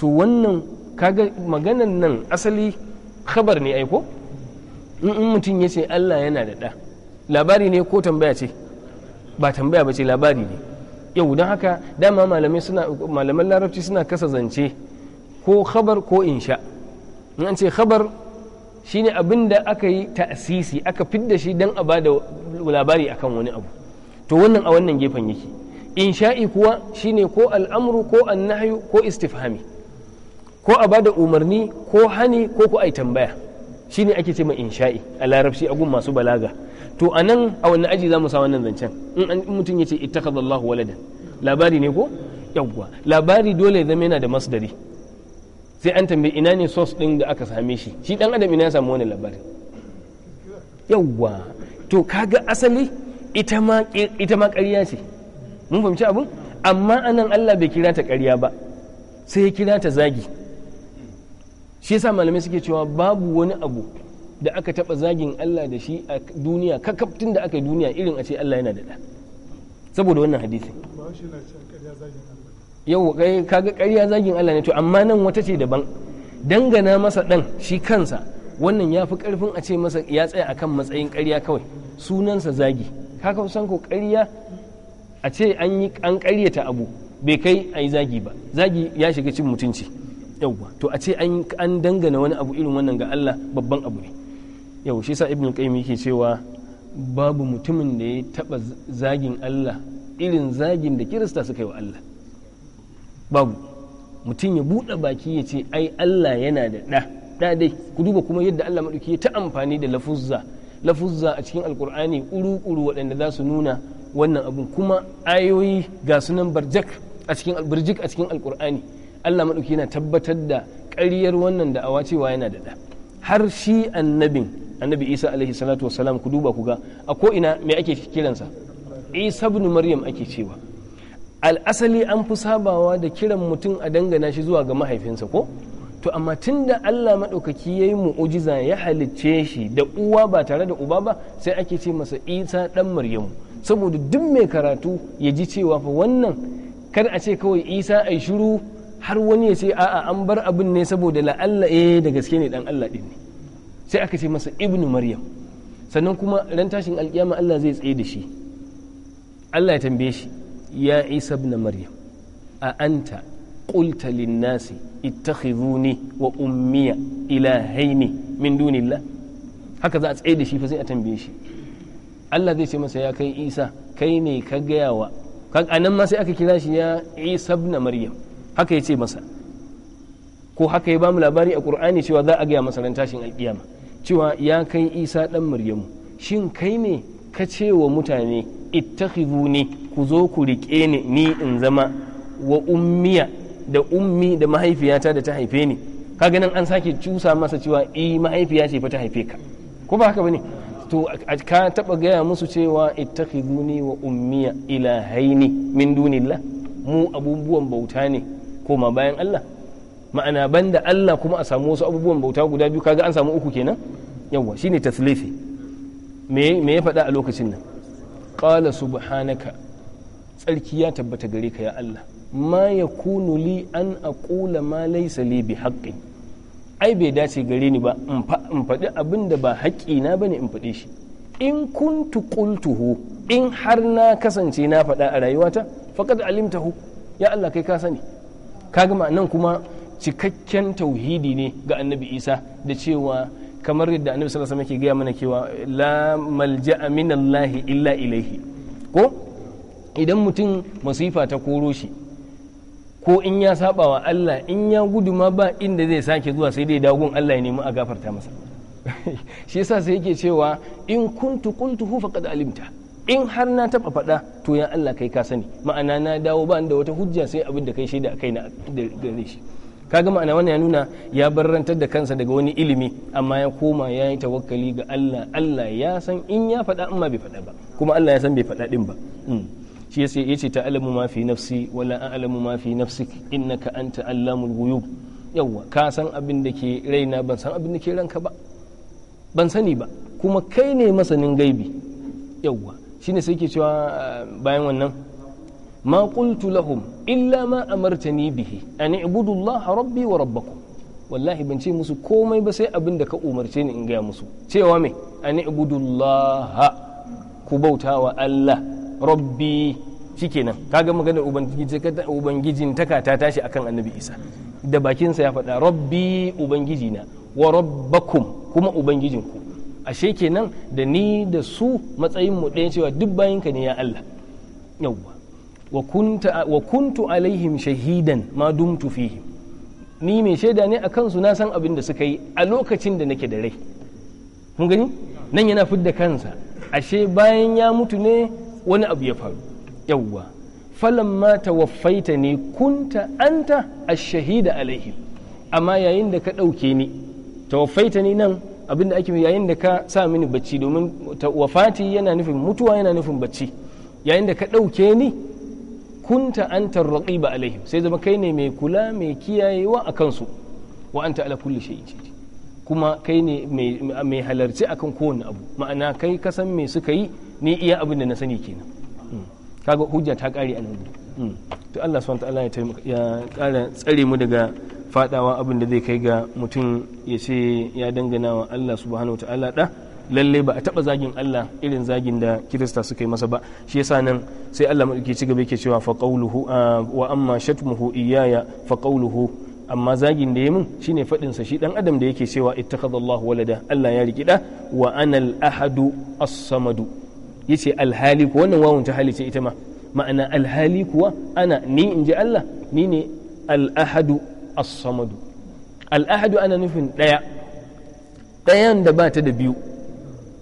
to wannan kaga maganan nan asali khabar ne aiko in mutum ya ce Allah yana da ɗa labari ne ko tambaya ce ba tambaya ba ce labari ne yau don haka dama malaman larabci suna kasa zance ko khabar ko insha in an ce khabar shine abin da aka yi ta'asisi aka fidda shi don a bada labari akan wani abu to wannan a wannan gefen yake insha'i kuwa shine ko al'amru ko annahyu ko istifhami ko a bada umarni ko hani ko ko ai tambaya ne ake ce ma insha'i a larabci a gun masu balaga to a nan a wani aji za mu sa wannan zancen in mutum ya ce ita ittakhadallahu waladan labari ne ko yawwa labari dole ya zama yana da masdari sai an tambayi ina ne source ɗin da aka same shi shi dan adam ina ya samu wani labari yawwa to kaga asali ita ma ita ƙarya ce mun fahimci abin amma anan Allah bai kira ta ƙarya ba sai ya kira ta zagi shi yasa malamai suke cewa babu wani abu da aka taba zagin Allah da shi a duniya kakaftin da aka yi duniya irin a ce Allah yana da ɗa saboda wannan hadisi yau kaga ƙarya zagin Allah ne to amma nan wata ce daban dangana masa ɗan shi kansa wannan ya fi ƙarfin a ce masa ya tsaya akan matsayin ƙarya kawai sunansa zagi kaka san ko ƙarya a ce an yi an ƙaryata abu bai kai a yi zagi ba zagi ya shiga cin mutunci yauwa to a ce an dangana wani abu irin wannan ga Allah babban abu ne Yaushe shi sa ibn qayyim yake cewa babu mutumin da ya taba zagin Allah irin zagin da kirista suka yi wa Allah babu mutum ya buɗe baki ya ce ai Allah yana da ɗa ɗa dai ku duba kuma yadda Allah maɗauki ya ta amfani da lafuzza lafuzza a cikin alkur'ani uru-uru waɗanda za su nuna wannan abun kuma ayoyi ga sunan barjak a cikin a cikin alkur'ani Allah maɗauki yana tabbatar da ƙaryar wannan da awa cewa yana da ɗa har shi annabin annabi isa alaihi salatu wasalam ku duba ku ga a ko ina me ake kiransa isa ibn maryam ake cewa al'asali an fi sabawa da kiran mutum a dangana shi zuwa ga mahaifinsa ko to amma tunda Allah maɗaukaki ya yi mu'ujiza ya halicce shi da uwa ba tare da uba ba sai ake ce masa isa ɗan maryam saboda duk mai karatu ya ji cewa fa wannan kar a ce kawai isa ai shiru har wani ya ce a'a an bar abin ne saboda la'alla eh da gaske ne dan Allah ɗin ne sai aka ce masa ibnu maryam sannan kuma ran tashin alkiyama Allah zai tsaye da shi Allah ya tambaye shi ya isa ibn maryam a anta qulta lin nasi ittakhizuni wa ummiya ilahaini min dunillah haka za a tsaye da shi fa sai a tambaye shi Allah zai ce masa ya kai isa kai ne ka gaya wa a nan ma sai aka kira shi ya isa ibn maryam haka ya ce masa ko haka ya bamu labari a qur'ani cewa za a gaya masa ran tashin alkiyama cewa ya kai isa ɗan maryamu shin kai ne ka ce wa mutane ne ku zo ku riƙe ni ni in zama wa ummiya da ummi da mahaifiyata da ta haife ni ka ganin an sake cusa masa cewa i e, mahaifiya ce fa ta haife ka ko ba haka bane to ka taba gaya musu cewa ittakhizuni wa ummiya ilahaini min dunillah mu abubuwan bauta ne ko ma bayan Allah ma'ana banda Allah kuma a samu wasu abubuwan bauta guda biyu kaga an samu uku kenan yawa shine taslifi me ya faɗa a lokacin nan qala subhanaka tsarki ya tabbata gare ka ya Allah ma yakunu li an aqula ma laysa li bi haqqi ai bai dace gare ni ba in faɗi abin da ba haƙƙi na bane in faɗe shi in kuntu qultuhu in har na kasance na faɗa a rayuwata faqad alimtahu ya Allah kai ka sani kaga ma'anan kuma cikakken tauhidi ne ga annabi isa da cewa kamar yadda annabi sallallahu alaihi wasallam ke gaya mana cewa la malja'a minallahi illa ilaihi ko idan mutum masifa ta koro shi ko in ya saba wa Allah in ya gudu ma ba inda zai sake zuwa sai dai dagun Allah ya nemi a gafarta masa shi yasa sai yake cewa in kuntu hu faqad alimta in har na taba faɗa to ya Allah kai ka sani ma'ana na dawo ba da wata hujja sai abin da kai shaida kai na gare shi kaga ma'ana wannan ya nuna ya barrantar da kansa daga wani ilimi amma ya koma ya yi tawakkali ga Allah Allah ya san in ya faɗa amma bai faɗa ba kuma Allah ya san bai faɗa din ba hmm. shi yasa yace ta'lamu ma fi nafsi wala a'lamu ma fi nafsik innaka anta allamul ghuyub yawa ka san abin da ke raina ban san abin da ke ranka ba ban sani ba kuma kai ne masanin gaibi yawa shine sai ke cewa ah, bayan wannan ma qultu illa ma amartani bihi an ibudu Allah rabbi wa wallahi ban ce musu komai ba sai abin da ka umarce ni in gaya musu cewa me an ibudu Allah ku bautawa Allah rabbi shikenan kaga maganar ubangiji ubangijin taka ta tashi akan annabi Isa da bakinsa ya faɗa rabbi ubangiji na wa rabbakum kuma ubangijinku ashe kenan da ni da su matsayin mu ɗaya cewa duk bayinka ne ya Allah yawwa wa kuntu alaihim shahidan ma dumtu fihi ni mai shaida ne a kansu na san abin da suka yi a lokacin da nake da rai mun gani nan yana fidda kansa ashe bayan ya mutu ne wani abu ya faru yawwa falamma tawaffaita ne kunta anta a shahida alaihim amma yayin da ka ɗauke ni tawaffaita ni nan abin da ake yayin da ka sa mini bacci domin wafati yana nufin mutuwa yana nufin bacci yayin da ka ɗauke ni kunta antar raqiba alaihim sai zama kai ne mai kula mai kiyayewa a kansu wa anta ala kulli shay'in shahid kuma kai ne mai halarci akan kowane abu ma'ana kai kasan san me suka yi ni iya abin da na sani kenan hmm. kaga hujja ta kare a nan hmm. to Allah subhanahu ta'ala ya kara tsare mu daga fadawa abin da zai kai ga mutum ya ce ya dangana wa Allah subhanahu ta'ala da Lallai ba a taɓa zagin Allah irin zagin da kirista suka yi masa ba shi yasa nan sai Allah madauki ci gaba yake cewa fa qawluhu wa amma shatmuhu iyaya fa qawluhu amma zagin da ya mun shine fadin sa shi dan adam da yake cewa ittakhadha Allah walada Allah ya riki wa ana ahadu as-samadu yace alhali ko wannan wawun ta hali ce ita ma ma'ana alhali kuwa ana ni inji Allah ni ne al ahadu as-samadu al ahadu ana nufin daya dayan da bata da biyu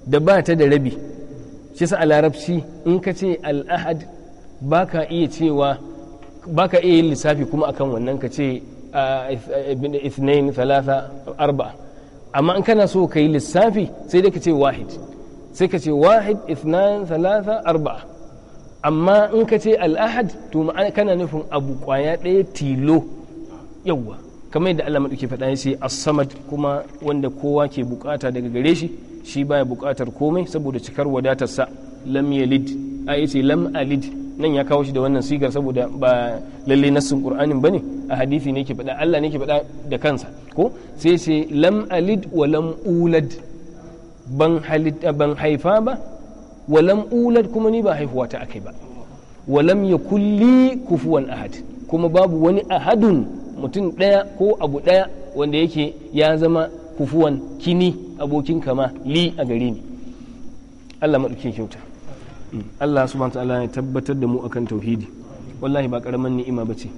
da ba ta da rabi shi sa a larabci in ka ce al'ahad ba ka iya cewa ba ka iya yin lissafi kuma akan wannan ka ce ithnain thalatha arba amma in kana so ka yi lissafi sai dai ka ce wahid sai ka ce wahid ithnan thalatha arba amma in ka ce al'ahad to kana nufin abu kwaya ɗaya tilo yawwa kamar yadda Allah maɗauki faɗa ya ce as-samad kuma wanda kowa ke bukata daga gare shi shi baya buƙatar komai saboda cikar wadatarsa lam yalid a ce lam alid nan ya kawo shi da wannan sigar saboda ba lalle nassin qur'anin bane a hadisi ne ke faɗa Allah ne ke faɗa da kansa ko sai ce lam alid wa lam ulad ban ban haifa ba wa lam ulad kuma ni ba haifuwa ta akai ba wa lam yakul li kufuwan ahad kuma babu wani ahadun mutum ɗaya ko abu ɗaya wanda yake ya zama kufuwan kini abokin kama li a gare ni Allah maɗukin kyauta mm. Allah subhanahu ta'ala ya tabbatar da mu akan tauhidi wallahi ba karaman ni'ima ba ce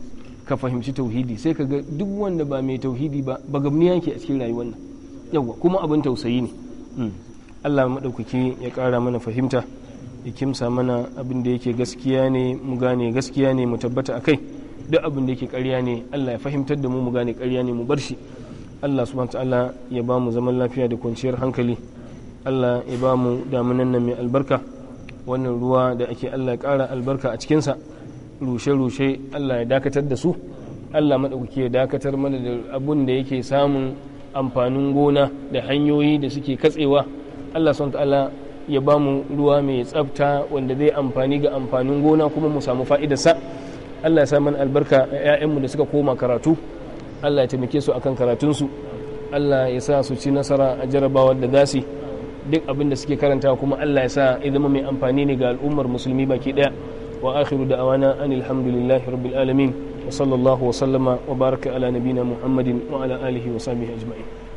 ka fahimci tauhidi sai ka ga duk wanda ba mai tauhidi ba ba gabni yanki a cikin rayuwar nan yawa kuma abin tausayi ne mm. Allah maɗaukaki ya ƙara mana fahimta ya kimsa mana abin da yake gaskiya ne mu gane gaskiya ne mu tabbata a kai duk abin da yake ƙarya ne Allah ya fahimtar da mu mu gane ƙarya ne mu bar shi Allah subhanahu ta'ala ya ba mu zaman lafiya da kwanciyar hankali Allah ya ba mu damunan nan mai albarka wannan ruwa da ake Allah ya kara albarka a cikinsa rushe-rushe Allah ya dakatar da su Allah maɗaukaki ya dakatar mana da abun da yake samun amfanin gona da hanyoyi da suke katsewa Allah subhanahu ta'ala ya ba mu ruwa mai tsafta wanda zai amfani ga amfanin gona kuma mu samu fa'idarsa Allah ya sa mana albarka 'ya'yanmu da suka koma karatu Allah ya taimake su akan karatunsu Allah ya sa su ci nasara a jarabawar da za duk abin da suke karanta kuma Allah ya sa ya mai amfani ne ga al'ummar musulmi baki daya wa akhiru awana an hamdulillahi rabbil alamin wa sallallahu wa sallama wa baraka ala nabina muhammadin wa ala alihi wa sahbihi ajma'in